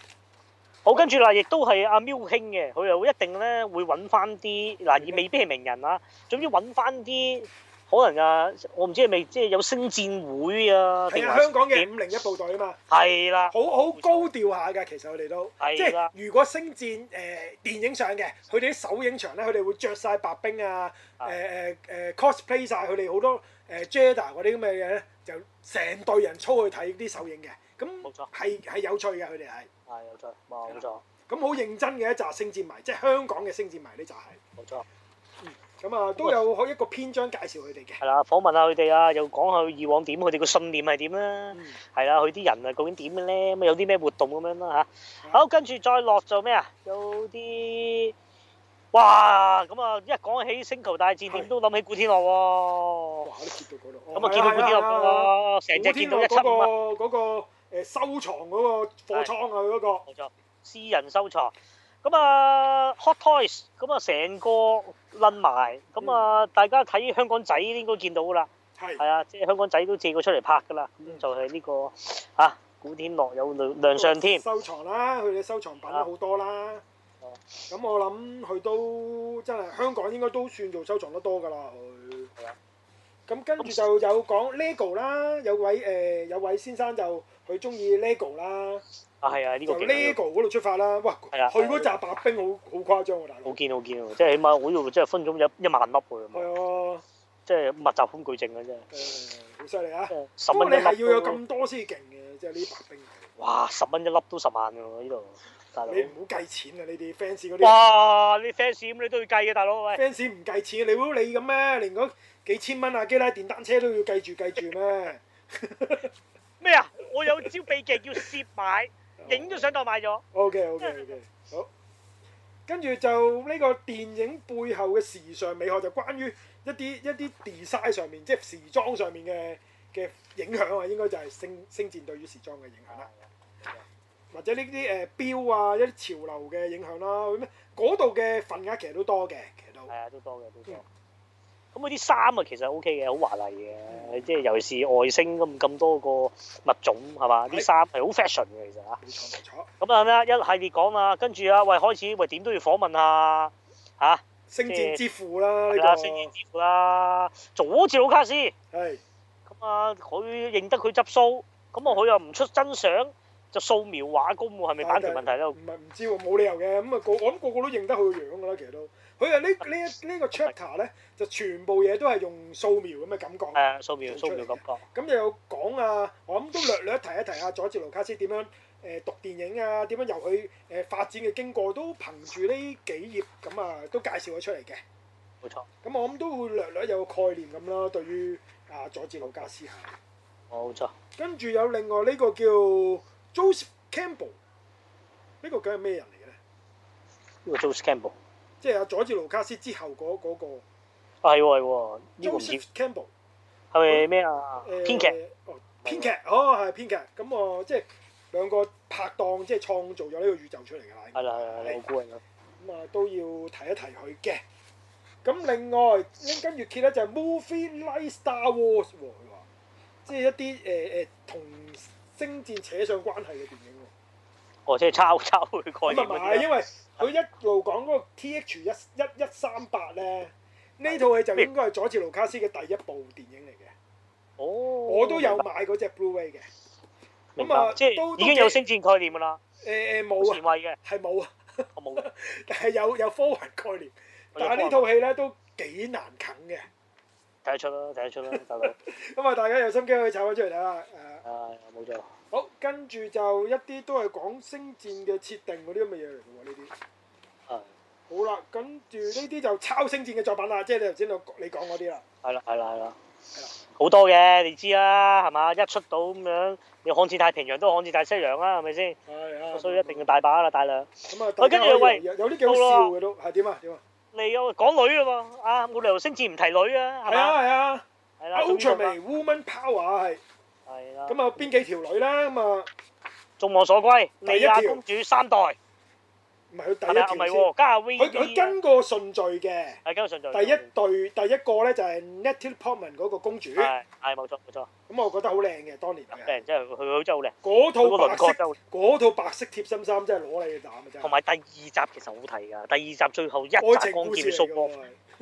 好，跟住嗱，亦都係阿喵 i 嘅，佢又一定咧會揾翻啲嗱，而明未必係名人啦。總之揾翻啲。可能啊，我唔知係咪即係有星戰會啊？定係香港嘅五零一部隊啊嘛，係啦、嗯，好、嗯、好高調下㗎。其實佢哋都、嗯、即係如果星戰誒、呃、電影上嘅，佢哋啲首映場咧，佢哋會着晒白兵啊，誒、呃、誒誒、呃呃、cosplay 晒佢哋好多誒 Jedi 嗰啲咁嘅嘢咧，就成隊人操去睇啲首映嘅，咁係係有趣嘅。佢哋係係有趣，冇、嗯、錯。咁好認真嘅一扎星戰迷，即係香港嘅星戰迷呢？就係冇錯。咁啊，都有一個篇章介紹佢哋嘅。係啦，訪問下佢哋、嗯、啊，又講下以往點，佢哋個信念係點啦。係啦，佢啲人啊，究竟點嘅咧？咁有啲咩活動咁樣啦嚇。好，跟住再落做咩啊？有啲，哇！咁啊，一講起星球大戰，點的都諗起古天樂喎。咁啊，到哦、見到古天樂成隻見到一七咁啊。嗰、那個嗰、那個收藏嗰個貨倉啊嗰、那個。冇錯，私人收藏。咁啊，Hot Toys，咁啊成個冧埋，咁啊大家睇香港仔應該見到噶啦，係啊，即係香港仔都借佢出嚟拍噶啦，就係呢個啊古天樂有亮相添，收藏啦，佢嘅收藏品好多啦，哦，咁我諗佢都真係香港應該都算做收藏得多噶啦，佢，係啊，咁跟住就有講 LEGO 啦，有位誒有位先生就佢中意 LEGO 啦。啊，係啊，呢個呢個嗰度出發啦，哇！去嗰扎白兵好好誇張喎，大佬。好見好見喎，即係起碼我度即係分鐘有一萬粒嘛。係啊！即係密集恐懼症嘅啫。誒，好犀利啊！不過你係要有咁多先勁嘅，即係呢啲白兵。哇！十蚊一粒都十萬喎，呢度。大佬，你唔好計錢啊！你啲 fans 嗰啲。哇！你 fans 咁，你都要計嘅，大佬喂。fans 唔計錢，你會理咁咩？連嗰幾千蚊阿基拉電單車都要計住計住咩？咩啊？我有招秘技要蝕買。影咗相當買咗。O K O K O K，好。跟住就呢個電影背後嘅時尚美學，就關於一啲一啲 design 上面，即係時裝上面嘅嘅影響啊，應該就係《星星戰》對於時裝嘅影響啦。或者呢啲誒表啊，一啲潮流嘅影響啦，嗰度嘅份額其實都多嘅，其實都。係啊，都多嘅，都多。嗯咁佢啲衫啊，其實 O K 嘅，好華麗嘅，即係尤其是外星咁咁多個物種係嘛？啲衫係好 fashion 嘅其實啊。咁啊咩？一系列講啦，跟住啊喂，開始喂點都要訪問下嚇。星戰之父啦，係啦，星戰之父啦，佐治魯卡斯。係。咁啊，佢認得佢執須，咁啊佢又唔出真相，就掃描畫工喎，係咪版權問題咧？唔係唔知喎，冇理由嘅。咁啊個我諗個個都認得佢樣㗎啦，其實都。佢話呢呢一呢個 chapter 咧，就全部嘢都係用素描咁嘅感覺。係啊，素描素描感覺。咁又有講啊，我諗都略略提一提啊，佐治盧卡斯點樣誒讀電影啊，點樣由佢誒發展嘅經過，都憑住呢幾頁咁啊，都介紹咗出嚟嘅。冇錯錯。咁我諗都會略略有個概念咁啦。對於啊佐治盧卡斯嚇。冇錯錯。跟住有另外呢、這個叫 Joseph Campbell，呢個究竟係咩人嚟嘅咧？呢個 Joseph Campbell。即係阿佐治盧卡斯之後嗰嗰個，係喎 Joseph Campbell 係咪咩啊？編劇哦，編劇哦係編劇，咁我、哦嗯嗯、即係兩個拍檔即係創造咗呢個宇宙出嚟嘅，係啦係啦，好古董咁，咁啊都要提一提佢嘅。咁另外跟住揭咧就係《Movie Live Star Wars、嗯》喎，即係一啲誒誒同星戰扯上關係嘅電影喎。哦，即係抄抄佢概念，唔係因為佢一路講嗰個 TH 一一一三八咧，呢套戲就應該係佐治盧卡斯嘅第一部電影嚟嘅。哦。我都有買嗰隻 Blu-ray 嘅。明白。咁啊，即係已經有星戰概念㗎啦。誒誒，冇啊。冇前衞嘅。係冇啊。我冇。但係有有科幻概念，但係呢套戲咧都幾難啃嘅。睇得出啦，睇得出啦，大佬。咁啊，大家有心機可以炒翻出嚟睇下。誒。啊，冇錯。好，跟住就一啲都係講星戰嘅設定嗰啲咁嘅嘢嚟嘅喎，呢啲。係。好啦，跟住呢啲就抄星戰嘅作品啦，即係你頭先你講嗰啲啦。係啦，係啦，係啦。好多嘅，你知啦，係嘛？一出到咁樣，你《航戰太平洋》都《航戰大西洋》啦，係咪先？係啊。所以一定要大把啦，大量。咁啊，跟住喂，有啲幾好笑嘅都，係點啊？點啊？你又講女啦喎，啊冇理由星戰唔提女啊，係嘛？係啊，係啊。係啦，總之 Woman power 係。係啦，咁啊邊幾條女啦，咁眾望所歸，麗亞、啊、公主三代。唔係佢第一條先，佢佢跟過順序嘅，第一對第一個咧就係 Natalie Portman 嗰個公主，係冇錯冇錯。咁我覺得好靚嘅，當年，靚真係佢佢真係好靚。嗰套白色嗰套白色貼心衫真係攞你膽啊！同埋第二集其實好睇噶，第二集最後一集光劍縮，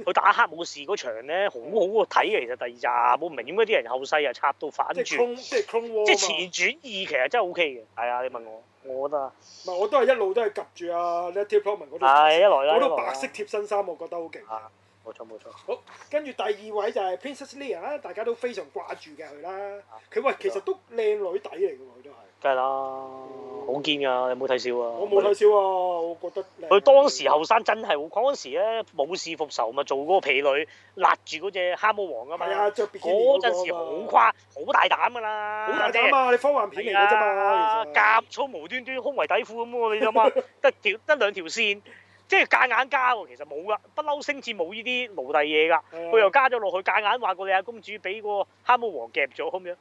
佢打黑武士嗰場咧好好睇嘅。其實第二集我唔明點解啲人後世又插到反轉，即係穿越轉異其實真係 OK 嘅。係啊，你問我。我覺得啊，唔係我都係一路都係及住啊，Letty Promon 嗰度，嗰度、啊、白色貼身衫，我覺得好勁。啊，冇錯冇錯。錯好，跟住第二位就係 Princess Leia 啦，大家都非常掛住嘅佢啦。佢喂，啊、其實都靚女底嚟㗎喎。梗係啦，好堅噶！你冇睇笑啊？我冇睇笑啊，為我覺得佢當時後生真係好。嗰時咧，武士復仇嘛，做嗰個婢女，揦住嗰隻哈姆王㗎嘛。啊，嘛。嗰陣時好誇，好、嗯、大膽㗎啦！好大膽啊！呃、你科幻片嚟㗎啫嘛，夾粗、啊、實無端端胸圍底褲咁喎，你諗下，得條，得兩條線。即係夾硬加喎，其實冇噶，不嬲星戰冇呢啲奴隸嘢噶，佢又加咗落去，夾硬話個莉亞公主俾個哈姆王夾咗咁樣，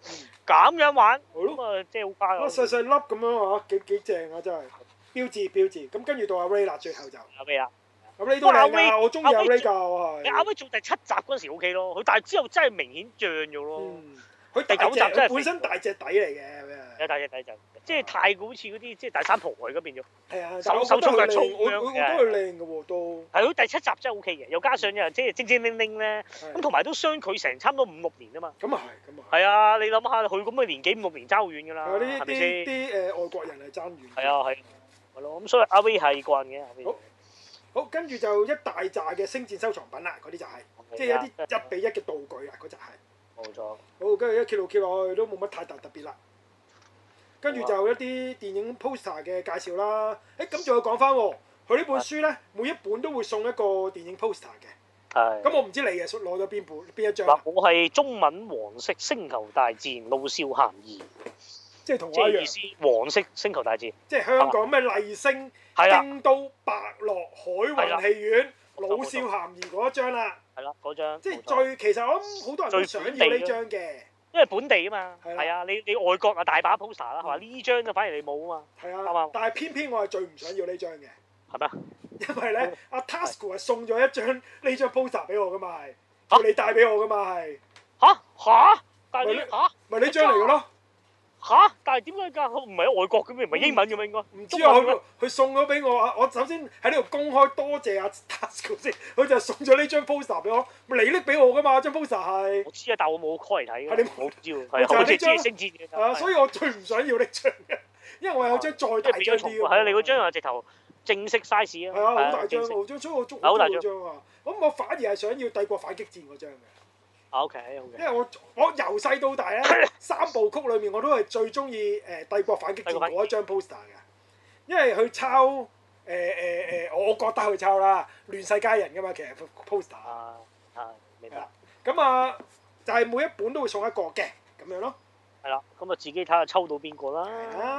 咁樣玩，咁啊即係好加喎。細細粒咁樣嚇，幾正啊真係，標誌標誌。咁跟住到阿 Ray 啦，最後就阿 Ray 啦。阿 Ray 都靚啊，我中意阿 Ray 㗎我係。你阿 Ray 做第七集嗰陣時 O K 咯，佢但係之後真係明顯漲咗咯。佢第九集真係本身大隻底嚟嘅咩？有大隻底就。即係太古似嗰啲，即係大三婆去嗰邊咗。係啊，手手粗嘅粗，我覺得佢靚嘅喎都。係咯，第七集真係 OK 嘅，又加上又即係精精靈靈咧，咁同埋都相距成差唔多五六年啊嘛。咁啊係，咁啊係。係啊，你諗下佢咁嘅年紀五六年爭好遠㗎啦，係咪先？啲啲誒外國人係爭遠。係啊，係啊，係咯，咁所以阿威係慣嘅。好，好，跟住就一大扎嘅星戰收藏品啦，嗰啲就係，即係一啲一比一嘅道具啊，嗰陣係。冇錯。好，跟住一揭落揭落去都冇乜太大特別啦。跟住就一啲電影 poster 嘅介紹啦。誒、欸，咁仲要講翻喎，佢呢本書呢，是的 每一本都會送一個電影 poster 嘅。係是的、嗯。咁我唔知你誒攞咗邊本，邊一張？我係中文黃色星球大戰老少咸宜，即係同我一樣。黃色星球大戰。即係香港咩麗星、的京都、百樂、海運戲院、的老少咸宜嗰一張啦。係咯，嗰張。即係最，錯其實我諗好多人最，最想要呢張嘅。因為本地啊嘛，係啊，你你外國啊大把 poster 啦，係嘛？呢張啊反而你冇啊嘛，係啊，但係偏偏我係最唔想要呢張嘅，係咪？因為咧，阿 Tasuku 係送咗一張呢張 poster 俾我噶嘛係，你帶俾我噶嘛係，吓？嚇？咪你咪你將嚟咯。吓？但係點解㗎唔係喺外國嘅咩？唔係英文嘅咩？應該唔知啊！佢送咗俾我啊！我首先喺呢度公開多謝阿 TASUKU 先，佢就送咗呢張 poster 俾我，你拎俾我噶嘛！張 poster 係，我知啊，但我冇開嚟睇你冇。照，唔係好刺啊，所以我最唔想要呢張嘅，因為我有張再大張啲嘅。係啊，你嗰張係直頭正式 size 啊。係啊，好大張。好大張。張出好大張啊！咁我反而係想要帝國反擊戰嗰張嘅。OK 好嘅，因為我我由細到大咧 三部曲裏面我都係最中意誒《帝國反擊戰》嗰一張 poster 嘅，因為佢抄誒誒誒，我覺得佢抄啦亂世佳人㗎嘛，其實 poster 啊，明白咁啊，就係、是、每一本都會送一個嘅咁樣咯，係啦，咁啊自己睇下抽到邊個啦，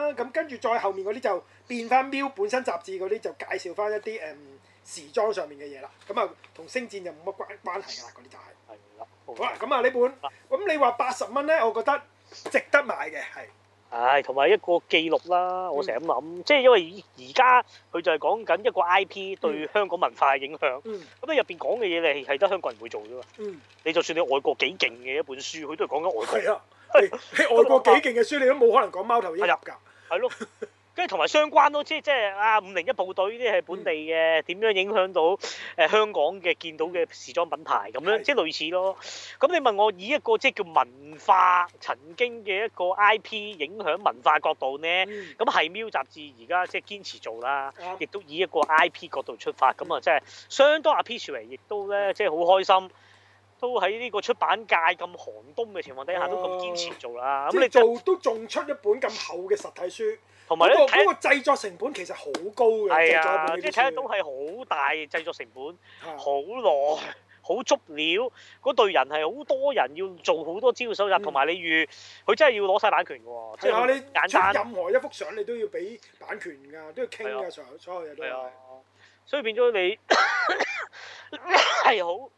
係咁跟住再後面嗰啲就變翻 MiLK 本身雜誌嗰啲，就介紹翻一啲誒、嗯、時裝上面嘅嘢啦，咁啊同《星戰》就冇乜關關係㗎啦，嗰啲就係、是。好啦、啊，咁啊呢本，咁你話八十蚊咧，我覺得值得買嘅，係。唉、哎，同埋一個記錄啦，我成日咁諗，嗯、即係因為而家佢就係講緊一個 IP 對香港文化嘅影響。咁咧入邊講嘅嘢，你係得香港人會做啫嘛。嗯。你就算你外國幾勁嘅一本書，佢都係講緊外國。係啊。喺外國幾勁嘅書， 你都冇可能講貓頭鷹。入㗎、啊。係咯。 跟住同埋相關咯，即係即係啊五零一部隊啲係本地嘅，點樣影響到誒香港嘅見到嘅時裝品牌咁樣，即係類似咯。咁的你問我以一個即係叫文化曾經嘅一個 IP 影響文化角度呢？咁係、嗯《MiLK》雜誌而家即係堅持做啦，亦都以一個 IP 角度出發，咁啊即係相當 appreciate，亦都咧即係好開心。都喺呢個出版界咁寒冬嘅情況底下，都咁堅持做啦。咁你做都仲出一本咁厚嘅實體書，同埋咧，嗰個製作成本其實好高嘅。係啊，即係睇得到係好大製作成本，好耐，好足料。嗰隊人係好多人，要做好多資料收集，同埋你預佢真係要攞晒版權嘅喎。即係你出任何一幅相，你都要俾版權㗎，都要傾嘅，所有嘢都係。所以變咗你係好，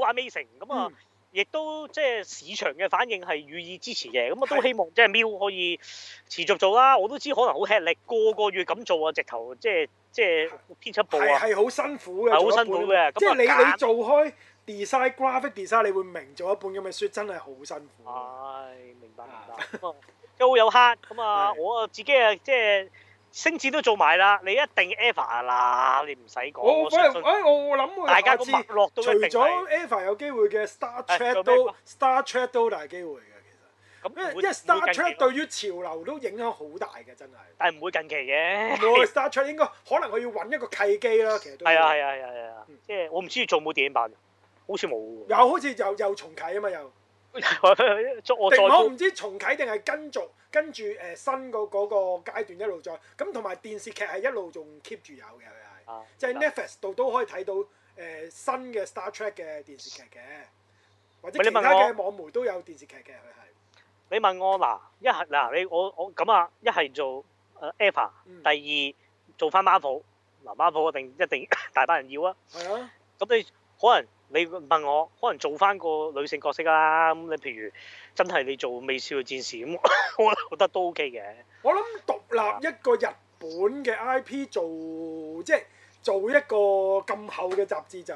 好 amazing，咁啊、嗯，亦都即係市場嘅反應係予以支持嘅，咁啊都希望即係 MiLK 可以持續做啦。我都知可能好吃力，個個月咁做啊，直頭即係即係編輯部啊，係好辛苦嘅，係好辛苦嘅。嗯、即係你、嗯、你做開 design graphic design，你會明做一半咁嘅書，真係好辛苦。唉、哎，明白明白，又有黑咁啊！我自己啊即係。星戰都做埋啦，你一定 Eva 啦，你唔使講。我反諗佢大家個脈落都一定係。除咗 Eva 有機會嘅 Star Trek 都 Star Trek 都大機會嘅，其實。咁唔會因為 Star Trek 對於潮流都影響好大嘅，真係。但係唔會近期嘅。唔會 Star Trek 應該可能佢要揾一個契機啦，其實都。係啊係啊係啊係啊！即係我唔知做冇電影版，好似冇喎。又好似又又重啟啊嘛又。我好唔知重啟定係跟續，跟住誒新個嗰個階段一路再。咁同埋電視劇係一路仲 keep 住有嘅佢係，即係 Netflix 度都可以睇到誒新嘅 Star Trek 嘅電視劇嘅，或者其他嘅網媒都有電視劇嘅佢係。你問我嗱、呃嗯，一係嗱你我我咁啊，一係做誒 Avatar，第二做翻 Marvel，嗱 Marvel 一定一定大把人要啊。係啊。咁你可能？你問我，可能做翻個女性角色啦。咁你譬如真係你做美少女戰士咁，我覺得都 OK 嘅。我諗獨立一個日本嘅 IP 做，即係做一個咁厚嘅雜誌就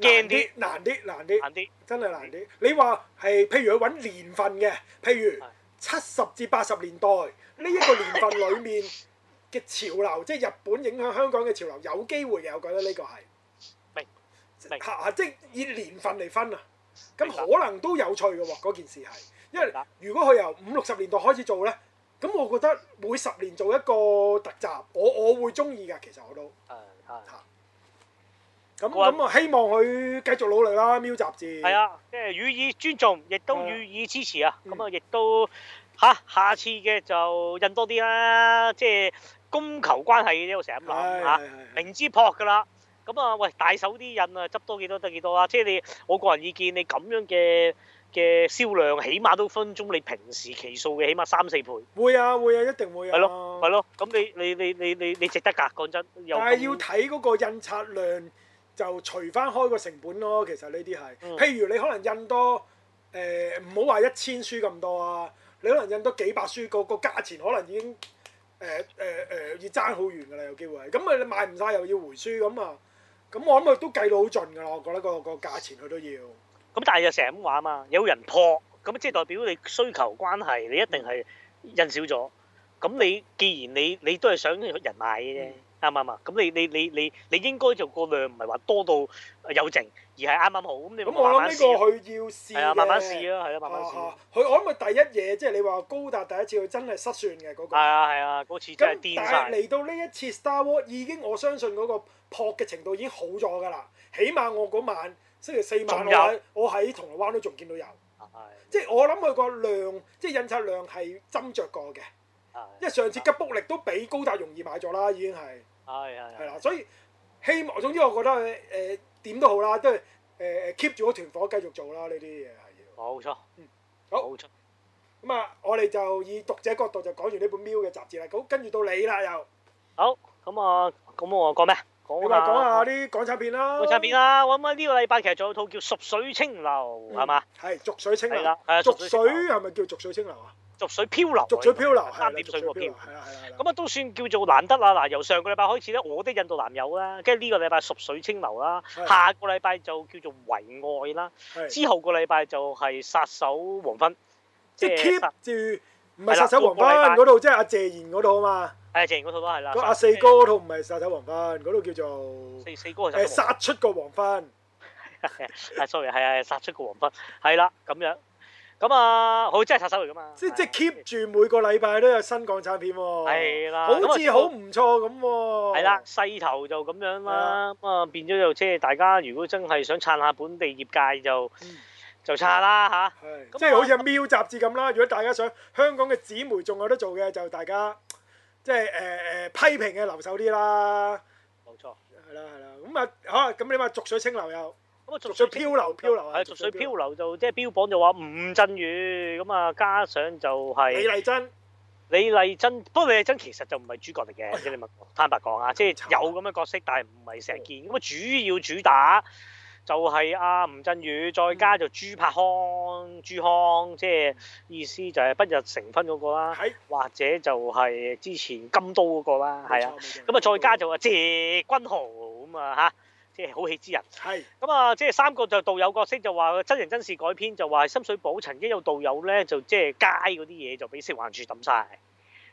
驚啲，難啲，難啲，難啲，真係難啲。嗯、你話係，譬如去揾年份嘅，譬如七十至八十年代呢一個年份裡面嘅潮流， 即係日本影響香港嘅潮流，有機會嘅，我覺得呢個係。嚇，即以年份嚟分明白啊，咁可能都有趣嘅喎，嗰件事係，因為如果佢由五六十年代開始做咧，咁我覺得每十年做一個特集，我我會中意嘅，其實我都，係，嚇，咁咁啊，希望佢繼續努力啦，《喵》雜誌，係啊，即係予以尊重，亦都予以支持啊，咁的啊，亦都嚇，下次嘅就印多啲啦，啊，即係供求關係啫，我成日咁講嚇，明知搏噶啦。咁啊，喂，大手啲印啊，執多幾多得幾多啊？即係你，我個人意見，你咁樣嘅嘅銷量，起碼都分鐘你平時期數嘅，起碼三四倍。會啊，會啊，一定會啊。係咯，係咯，咁你你你你你值得㗎，講真。但係要睇嗰個印刷量，就除翻開個成本咯。其實呢啲係，譬如你可能印多，誒唔好話一千書咁多啊，你可能印多幾百書，個個價錢可能已經誒誒誒要爭好遠㗎啦，有機會。咁啊，你賣唔晒又要回書，咁啊～咁我諗佢都計到好盡㗎啦，我覺得個個價錢佢都要。咁但係就成日咁話啊嘛，有人破咁即係代表你需求關係，你一定係印少咗。咁你既然你你都係想人買嘅啫。嗯啱唔啱？咁你你你你你應該就個量唔係話多到有剩，而係啱啱好。咁你咁、嗯、我諗呢個佢要試。係啊，慢慢試啊，係啊，慢慢佢、啊啊、我諗佢第一嘢，即、就、係、是、你話高達第一次佢真係失算嘅嗰、那個。係啊係啊，好似咁但係嚟到呢一次 Star Wars 已經，我相信嗰個撲嘅程度已經好咗㗎啦。起碼我嗰晚星期四晚有我喺我喺銅鑼灣都仲見到有。即係、啊、我諗佢個量，即係印刷量係斟酌過嘅、啊啊。因為上次吉卜力都比高達容易買咗啦，已經係。係係係啦，所以希望，總之我覺得誒點都好啦，都係誒誒 keep 住個團伙繼續做啦，呢啲嘢係冇錯，嗯，好，冇錯，咁啊，我哋就以讀者角度就講完呢本《瞄》嘅雜誌啦，好，跟住到你啦又，好，咁啊，咁我講咩？你話講下啲港產片啦，港產片啦，我諗呢個禮拜其實仲有套叫《濁水清流》，係嘛？係濁水清，係啦，係濁水，係咪叫濁水清流啊？濁水漂流，濁水漂流，三點水個漂，係啊係啊。咁啊都算叫做難得啦。嗱，由上個禮拜開始咧，我啲印度男友啦，跟住呢個禮拜逐水清流啦，下個禮拜就叫做唯愛啦，之後個禮拜就係殺手黃昏，即係 keep 住唔係殺手黃昏嗰度，即係阿謝賢嗰套啊嘛。係謝賢嗰套啦，係啦。個阿四哥嗰套唔係殺手黃昏嗰度，叫做四四哥係殺出個黃昏。係，sorry，係啊，殺出個黃昏，係啦，咁樣。咁啊，好，真係擦手嚟㗎嘛！即即 keep 住每個禮拜都有新港產片喎，係啦，好似好唔錯咁喎。係啦，勢頭就咁樣啦。咁啊，變咗就即係大家如果真係想撐下本地業界就就撐啦吓，即係好似《妙》雜誌咁啦，如果大家想香港嘅紙媒仲有得做嘅，就大家即係誒誒批評嘅留守啲啦。冇錯，係啦係啦。咁啊，好啊，咁你話濁水漂流又？濁水漂流，漂流係。濁水漂流就即係標榜就話吳鎮宇咁啊，加上就係李麗珍。李麗珍，不過李麗珍其實就唔係主角嚟嘅，即係咪坦白講啊？即係有咁嘅角色，但係唔係成日見。咁啊，主要主打就係阿吳鎮宇，再加就朱柏康、朱康，即係意思就係不日成婚嗰個啦，或者就係之前金都嗰個啦，係啊。咁啊，再加就阿謝君豪咁啊，吓。即係好戲之人，咁是啊，即係三個就道友角色就話真人真事改編，就話深水埗曾經有道友咧，就即係街嗰啲嘢就俾食環署抌晒。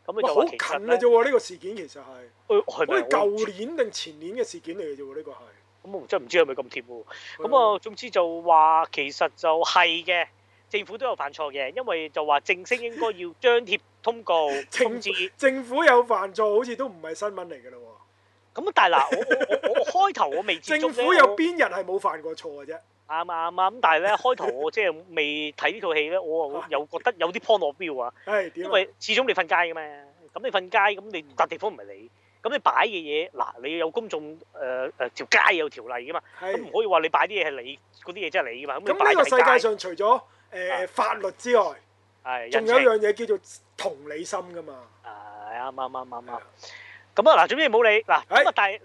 咁你哇就好近啊！啫、這、呢個事件其實係，因為舊年定前年嘅事件嚟嘅啫喎，呢、這個係。咁我真係唔知係咪咁貼喎。咁啊，總之就話其實就係嘅，政府都有犯錯嘅，因為就話正式應該要張貼通告， 通知政府有犯錯，好似都唔係新聞嚟嘅咯。咁 但係嗱，我我我我開頭我未接觸政府有邊人係冇犯過錯嘅啫？啱啊啱咁，但係咧， 開頭我即係未睇呢套戲咧， 我又覺得有啲 point of view e 係啊。因為始終你瞓街嘅咩？咁、嗯、你瞓街，咁你笪地方唔係你，咁你擺嘅嘢嗱，你有公眾誒誒、呃、條街有條例嘅嘛，咁唔、哎、可以話你擺啲嘢係你嗰啲嘢，即係你嘅嘛。咁呢個世界上除咗誒、呃、法律之外，係、哎，仲、哎、有一樣嘢叫做同理心嘅嘛。誒啱啱啱啱啱。哎咁啊嗱，做咩冇理嗱，咁啊是但係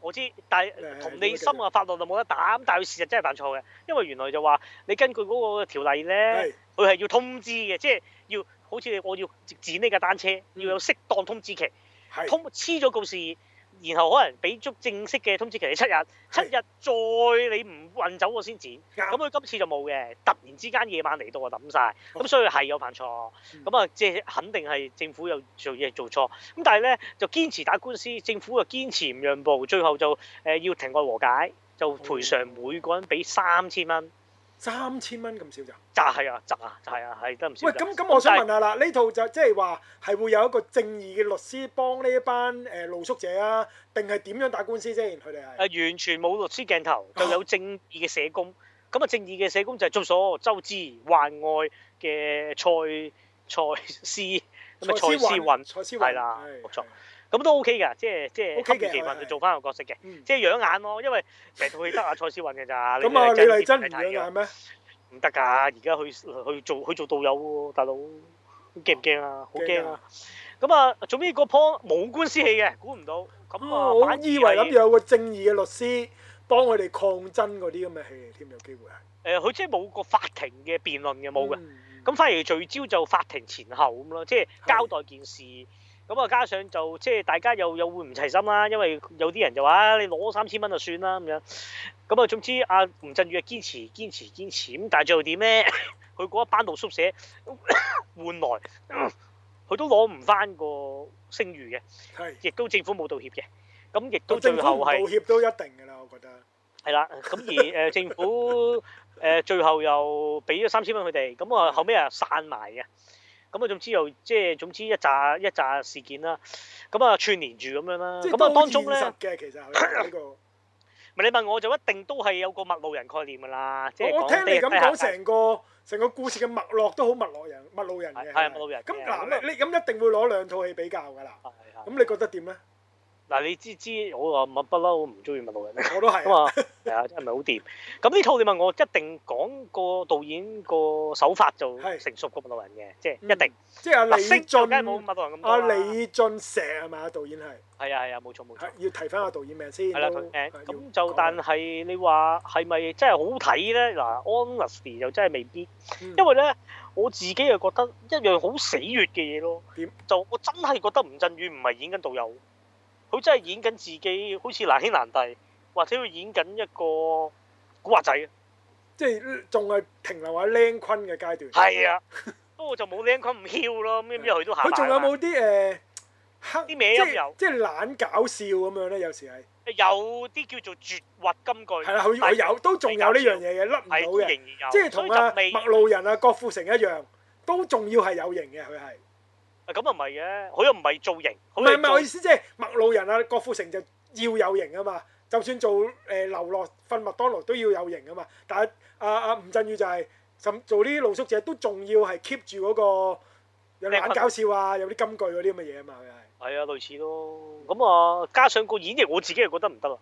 我知，但係同你心啊，法律就冇得打。咁但係佢事實真係犯錯嘅，因為原來就話，你根據嗰個條例咧，佢係是要通知嘅，即係要好似我我要剪呢架單車，嗯、要有適當通知期，是通黐咗告示。然後可能俾足正式嘅通知期你七日，的七日再你唔運走我先剪。咁佢的今次就冇嘅，突然之間夜晚嚟到我抌晒。咁、哦、所以係有犯錯。咁啊、嗯，即係肯定係政府有做嘢做錯。咁但係呢，就堅持打官司，政府又堅持唔讓步，最後就誒、呃、要庭外和解，就賠償每個人俾三千蚊。哦嗯三千蚊咁少咋？咋係啊，咋啊，係啊，係得唔少。喂，咁、啊、咁、嗯、我想問下啦，呢套是、啊、就即係話係會有一個正義嘅律師幫呢一班誒露宿者啊，定係點樣打官司啫？佢哋係誒完全冇律師鏡頭，就哈有正義嘅社工。咁啊，正義嘅社工就係眾所周知患外嘅蔡蔡斯，咁啊蔡思雲，蔡思雲係啦，冇錯。咁都 O K 噶，即係即係級別奇幻，佢做翻個角色嘅，即係養眼咯。因為成套戲得阿蔡思韻嘅咋，李麗珍唔養眼咩？唔得噶，而家去去做去做導遊喎、啊，大佬驚唔驚啊？好驚啊！咁啊、嗯，最尾個鋪冇官司戲嘅，估唔到咁啊，我以為諗住有個正義嘅律師幫佢哋抗爭嗰啲咁嘅戲添，有機會係、啊、誒，佢、嗯嗯、即係冇個法庭嘅辯論嘅冇嘅，咁反而聚焦就法庭前後咁咯，即係交代件事。咁啊，加上就即係大家又又會唔齊心啦，因為有啲人就話你攞三千蚊就算啦咁樣。咁啊，總之阿、啊、吳振宇啊，堅持堅持堅持咁，但係最後點咧？佢嗰一班到宿舍 換來，佢、呃、都攞唔翻個聲譽嘅，亦都政府冇道歉嘅。咁亦都最後係道，道歉都一定嘅啦，我覺得。係 啦，咁而誒、呃、政府誒最後又俾咗三千蚊佢哋，咁啊後尾啊散埋嘅。咁啊，總之又即係總之一紮一紮事件啦。咁啊，串連住咁樣啦。咁啊，當中咧，唔係你問我就一定都係有個陌路人概念㗎啦。即係我聽你咁講，成個成個故事嘅脈絡都好陌路人、陌路人嘅。係係陌路人。咁嗱，你你咁一定會攞兩套戲比較㗎啦。係係。咁你覺得點咧？嗱、啊，你知知我話問不嬲，唔中意問路人。我都係啊、嗯、啊，係、嗯、啊，真係唔係好掂。咁呢套你問我，一定講個導演個手法就成熟過問路人嘅，即係一定。嗯、即係阿李進冇問路人咁多阿李進石係咪？導演係係啊係啊，冇錯冇錯。錯要提翻個導演名先。係啦，咁、嗯嗯 nah, 就但係你話係咪真係好睇咧？嗱，honestly 又真係未必，因為咧我自己又覺得一樣好死穴嘅嘢咯。點就我真係覺得吳鎮宇唔係演緊導遊。佢真係演緊自己，好似難兄難弟，或者佢演緊一個古惑仔，即係仲係停留喺靚坤嘅階段。係啊， 不過就冇靚坤唔囂咯，咁樣佢都下。佢仲有冇啲誒黑？啲咩音有？即係懶搞笑咁樣咧，有時係。有啲叫做絕活金句。係啦、啊，佢佢有都仲有呢樣嘢嘅，是甩唔到嘅。即係同啊麥路人啊郭富城一樣，都仲要係有型嘅佢係。咁啊，唔係嘅，佢又唔係造型，唔係唔係我意思、就是，即係陌路人啊，郭富城就要有型啊嘛，就算做誒流落瞓麥當勞都要有型啊嘛，但係阿阿吳鎮宇就係、甚、做呢啲露宿者都仲要係 keep 住嗰個有啲玩搞笑啊，有啲金句嗰啲咁嘅嘢啊嘛，佢係係啊，類似咯。咁啊，加上個演繹，我自己又覺得唔得啦。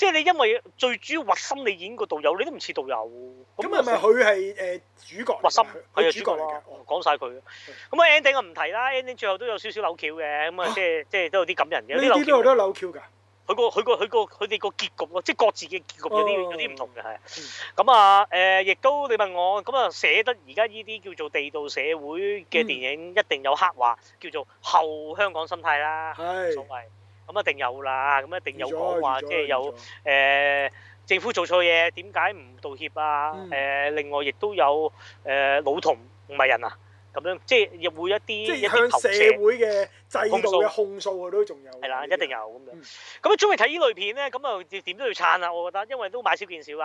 即係你因為最主要核心，你演個導遊，你都唔似導遊。咁啊咪佢係誒主角。核心係主角嚟咯。講晒佢。咁啊 ending 我唔提啦，ending 最後都有少少扭橋嘅，咁啊即係即係都有啲感人嘅。呢啲都有得扭橋㗎。佢個佢個佢個佢哋個結局咯，即係各自嘅結局有啲有啲唔同嘅係。咁啊誒，亦都你問我，咁啊寫得而家呢啲叫做地道社會嘅電影，一定有刻畫，叫做後香港心態啦。係。所謂。咁一定有啦，咁一定有講話，即係有誒政府做錯嘢，點解唔道歉啊？誒、嗯呃，另外亦都有誒、呃、老同唔係人啊，咁樣即係入會一啲一啲投社會嘅制度控訴，控訴，控訴都仲有。係啦、啊，一定有咁樣。咁啊，中意睇依類片咧，咁啊點都要撐啦，我覺得，因為都買少變少買少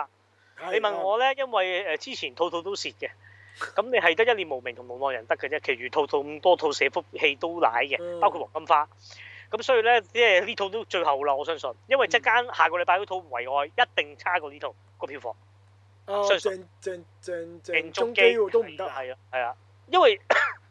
見少啦。的你問我咧，因為誒之前套套都蝕嘅，咁你係得一念無明同無望人得嘅啫，其餘套套咁多套社福戲都賴嘅，包括黃金花。咁所以咧，即係呢套都最後啦，我相信。因為即間下個禮拜嗰套唯愛一定差過呢套個票房，相信。鄭鄭鄭鄭中基都唔得，係啊係啊，因為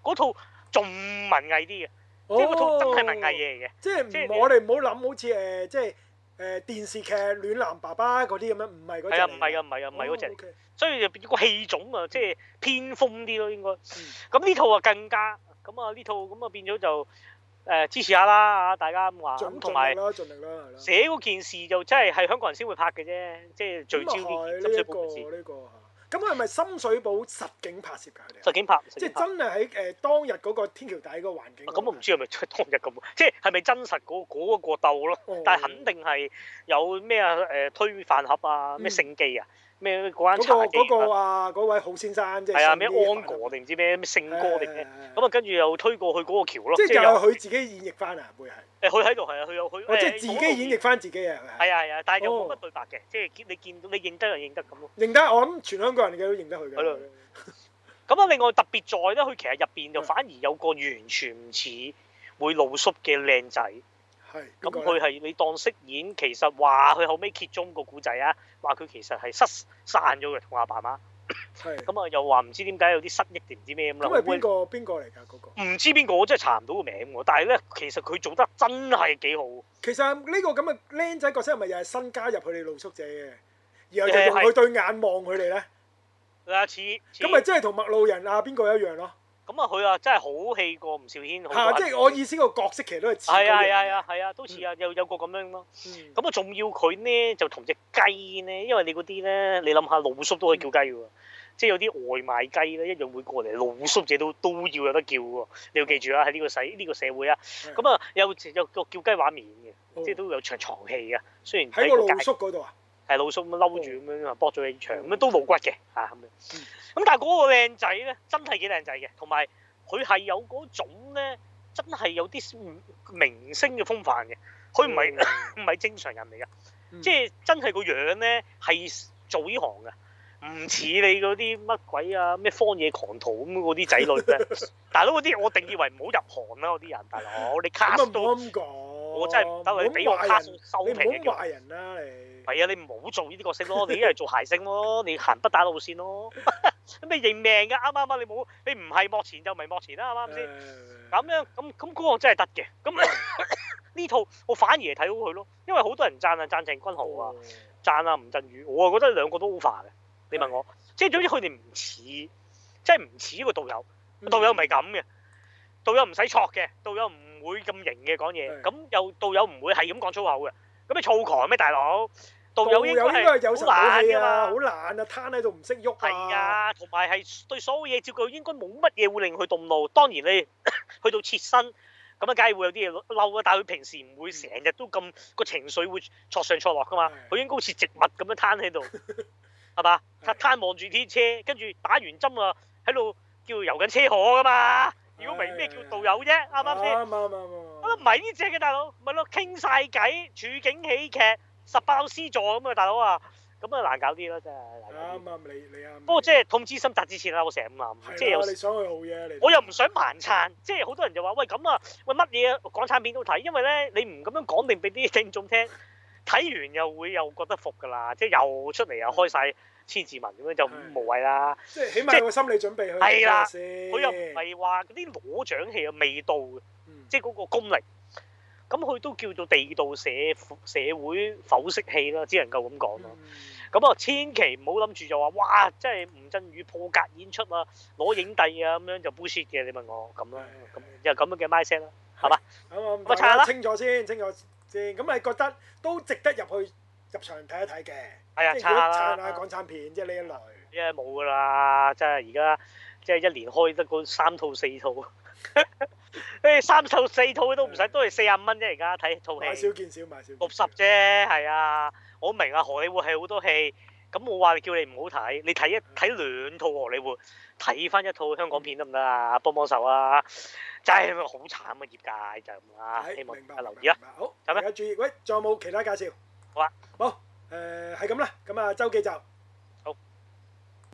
嗰套仲文藝啲嘅，即嗰套真係文藝嘢嚟嘅。即係唔，我哋唔好諗好似誒，即係誒電視劇《暖男爸爸》嗰啲咁樣，唔係嗰。係啊，唔係啊，唔係啊，唔係嗰隻。所以變咗個戲種啊，即係偏鋒啲咯，應該。咁呢套啊更加，咁啊呢套咁啊變咗就。誒、呃、支持下啦嚇，大家咁話。咁同埋寫嗰件事就真係係香港人先會拍嘅啫，即係聚焦啲深水埗件事。呢、呢個咁係咪深水埗實景拍攝㗎？佢實景拍，實景拍即係真係喺誒當日嗰個天橋底嗰個環境。咁我唔知係咪出係當日咁即係係咪真實嗰嗰個鬥咯？但係肯定係有咩誒推飯盒啊，咩聖基啊。嗯嗯咩嗰間茶記？嗰個啊嗰位好先生即係啊，咩安哥定唔知咩咩聖哥定咩咁啊？跟住又推過去嗰個橋咯，即係有佢自己演繹翻啊，會係誒佢喺度係啊，佢有佢即係自己演繹翻自己啊，係啊係啊，但係有冇乜對白嘅，即係見你見你認得就認得咁咯。認得我諗全香港人嘅都認得佢喺度咯。咁啊，另外特別在咧，佢其實入邊就反而有個完全唔似會露宿嘅靚仔。咁佢係你當飾演，其實話佢後尾揭盅個古仔啊，話佢其實係失散咗嘅同阿爸媽。咁啊是 又話唔知點解有啲失憶定唔知咩咁啦。咁係邊個邊個嚟噶嗰個？唔知邊個，我真係查唔到個名喎。但係咧，其實佢做得真係幾好。其實呢個咁嘅僆仔角色係咪又係新加入佢哋露宿者嘅？然後就係是用佢對眼望佢哋咧。啊似。咁咪即係同陌路人啊，邊個一樣咯？咁啊，佢啊真係好戲過吳兆軒，好、啊、即係我意思個角色其實都係似。係啊係啊係啊係啊，都似啊、嗯，有有個咁樣咯。咁啊、嗯，仲要佢呢，就同隻雞呢，因為你嗰啲呢，你諗下，露宿都可以叫雞喎。嗯、即係有啲外賣雞呢一樣會過嚟，露宿者都都要有得叫喎。你要記住啊，喺呢個世呢個社會啊。咁啊、嗯嗯，有有個叫雞畫面嘅，即係都有場床戲啊。雖然喺個露宿嗰度啊。係老叔咁嬲住咁樣啊，搏咗你場咁都露骨嘅嚇咁樣。咁、嗯嗯、但係嗰個靚仔咧，真係幾靚仔嘅，同埋佢係有嗰種咧，真係有啲明星嘅風範嘅。佢唔係唔係正常人嚟㗎，即係、嗯、真係個樣咧係做呢行嘅，唔似你嗰啲乜鬼啊咩荒野狂屠咁嗰啲仔女咧。大佬嗰啲我定義為唔好入行啦、啊，嗰啲人。大佬你 cast 到。我真係唔得，你俾我黑收皮嘅，你唔壞人啦你。係啊，你唔好做呢啲角色咯，你一係做鞋星咯，你行不打路線咯，咩認命嘅啱唔啱？你冇你唔係幕前就唔係莫前啦，啱唔啱先？咁樣咁咁嗰個真係得嘅，咁呢套我反而睇到佢咯，因為好多人贊啊，贊鄭君豪啊，贊啊吳鎮宇，我啊覺得兩個都好 v 嘅。你問我，即係總之佢哋唔似，即係唔似呢個導遊，導遊唔係咁嘅，導遊唔使錯嘅，導遊唔。會咁型嘅講嘢，咁又道友唔會係咁講粗口嘅，咁你躁狂咩，大佬？道友應該係好懶㗎嘛，好、啊、懶啊，攤喺度唔識喐啊。係啊，同埋係對所有嘢照顧，應該冇乜嘢會令佢動怒。當然你 去到切身，咁啊，梗係會有啲嘢嬲啊，但係佢平時唔會成日都咁個、嗯嗯、情緒會挫上挫落㗎嘛。佢的應該好似植物咁樣攤喺度，係嘛 的？佢攤望住啲車，跟住打完針啊，喺度叫遊緊車河㗎嘛。如果明咩叫導遊啫，啱啱先？啱啱啱啱。唔係呢隻嘅大佬，咪咯傾晒偈，處境喜劇，十八樓 C 座咁啊，大佬啊，咁啊難搞啲咯，真係。啱啱你你啊。不過即係、就是、痛之心達之切啊，我成日咁諗，即係我哋想去好嘢嚟、啊。你我又唔想盲撐，即係好多人就話喂咁啊，喂乜嘢啊？港產片都睇，因為咧你唔咁樣講定俾啲聽眾聽，睇完又會又覺得服㗎啦，即係又出嚟又開晒。 千字文咁樣就無謂啦，即係起碼有個心理準備可以先。佢又唔係話嗰啲攞獎戲嘅味道，即係嗰個功力。咁佢都叫做地道社社會剖析戲啦，只能夠咁講咯。咁啊，千祈唔好諗住就話哇，即係吳鎮宇破格演出啊，攞影帝啊咁樣就 bullshit 嘅。你問我咁啦，咁就咁樣嘅 mindset 咯，係嘛？咁啊，我查清楚先，清楚先。咁你覺得都值得入去？入場睇一睇嘅，係啊，參啦，港產片即係呢一類，因為冇㗎啦，真係而家即係一年開得嗰三套四套，誒三套四套都唔使都係四十蚊啫，而家睇一套戲，買少見少買少，六十啫，係啊，我明啊，荷里活係好多戲，咁我話叫你唔好睇，你睇一睇兩套荷里活，睇翻一套香港片得唔得啊？幫幫手啊，真係好慘啊！業界就咁啦，希望大家留意啦，好，大家注意，喂，仲有冇其他介紹？好，的好，好、呃、誒，係咁啦，咁啊，周記就。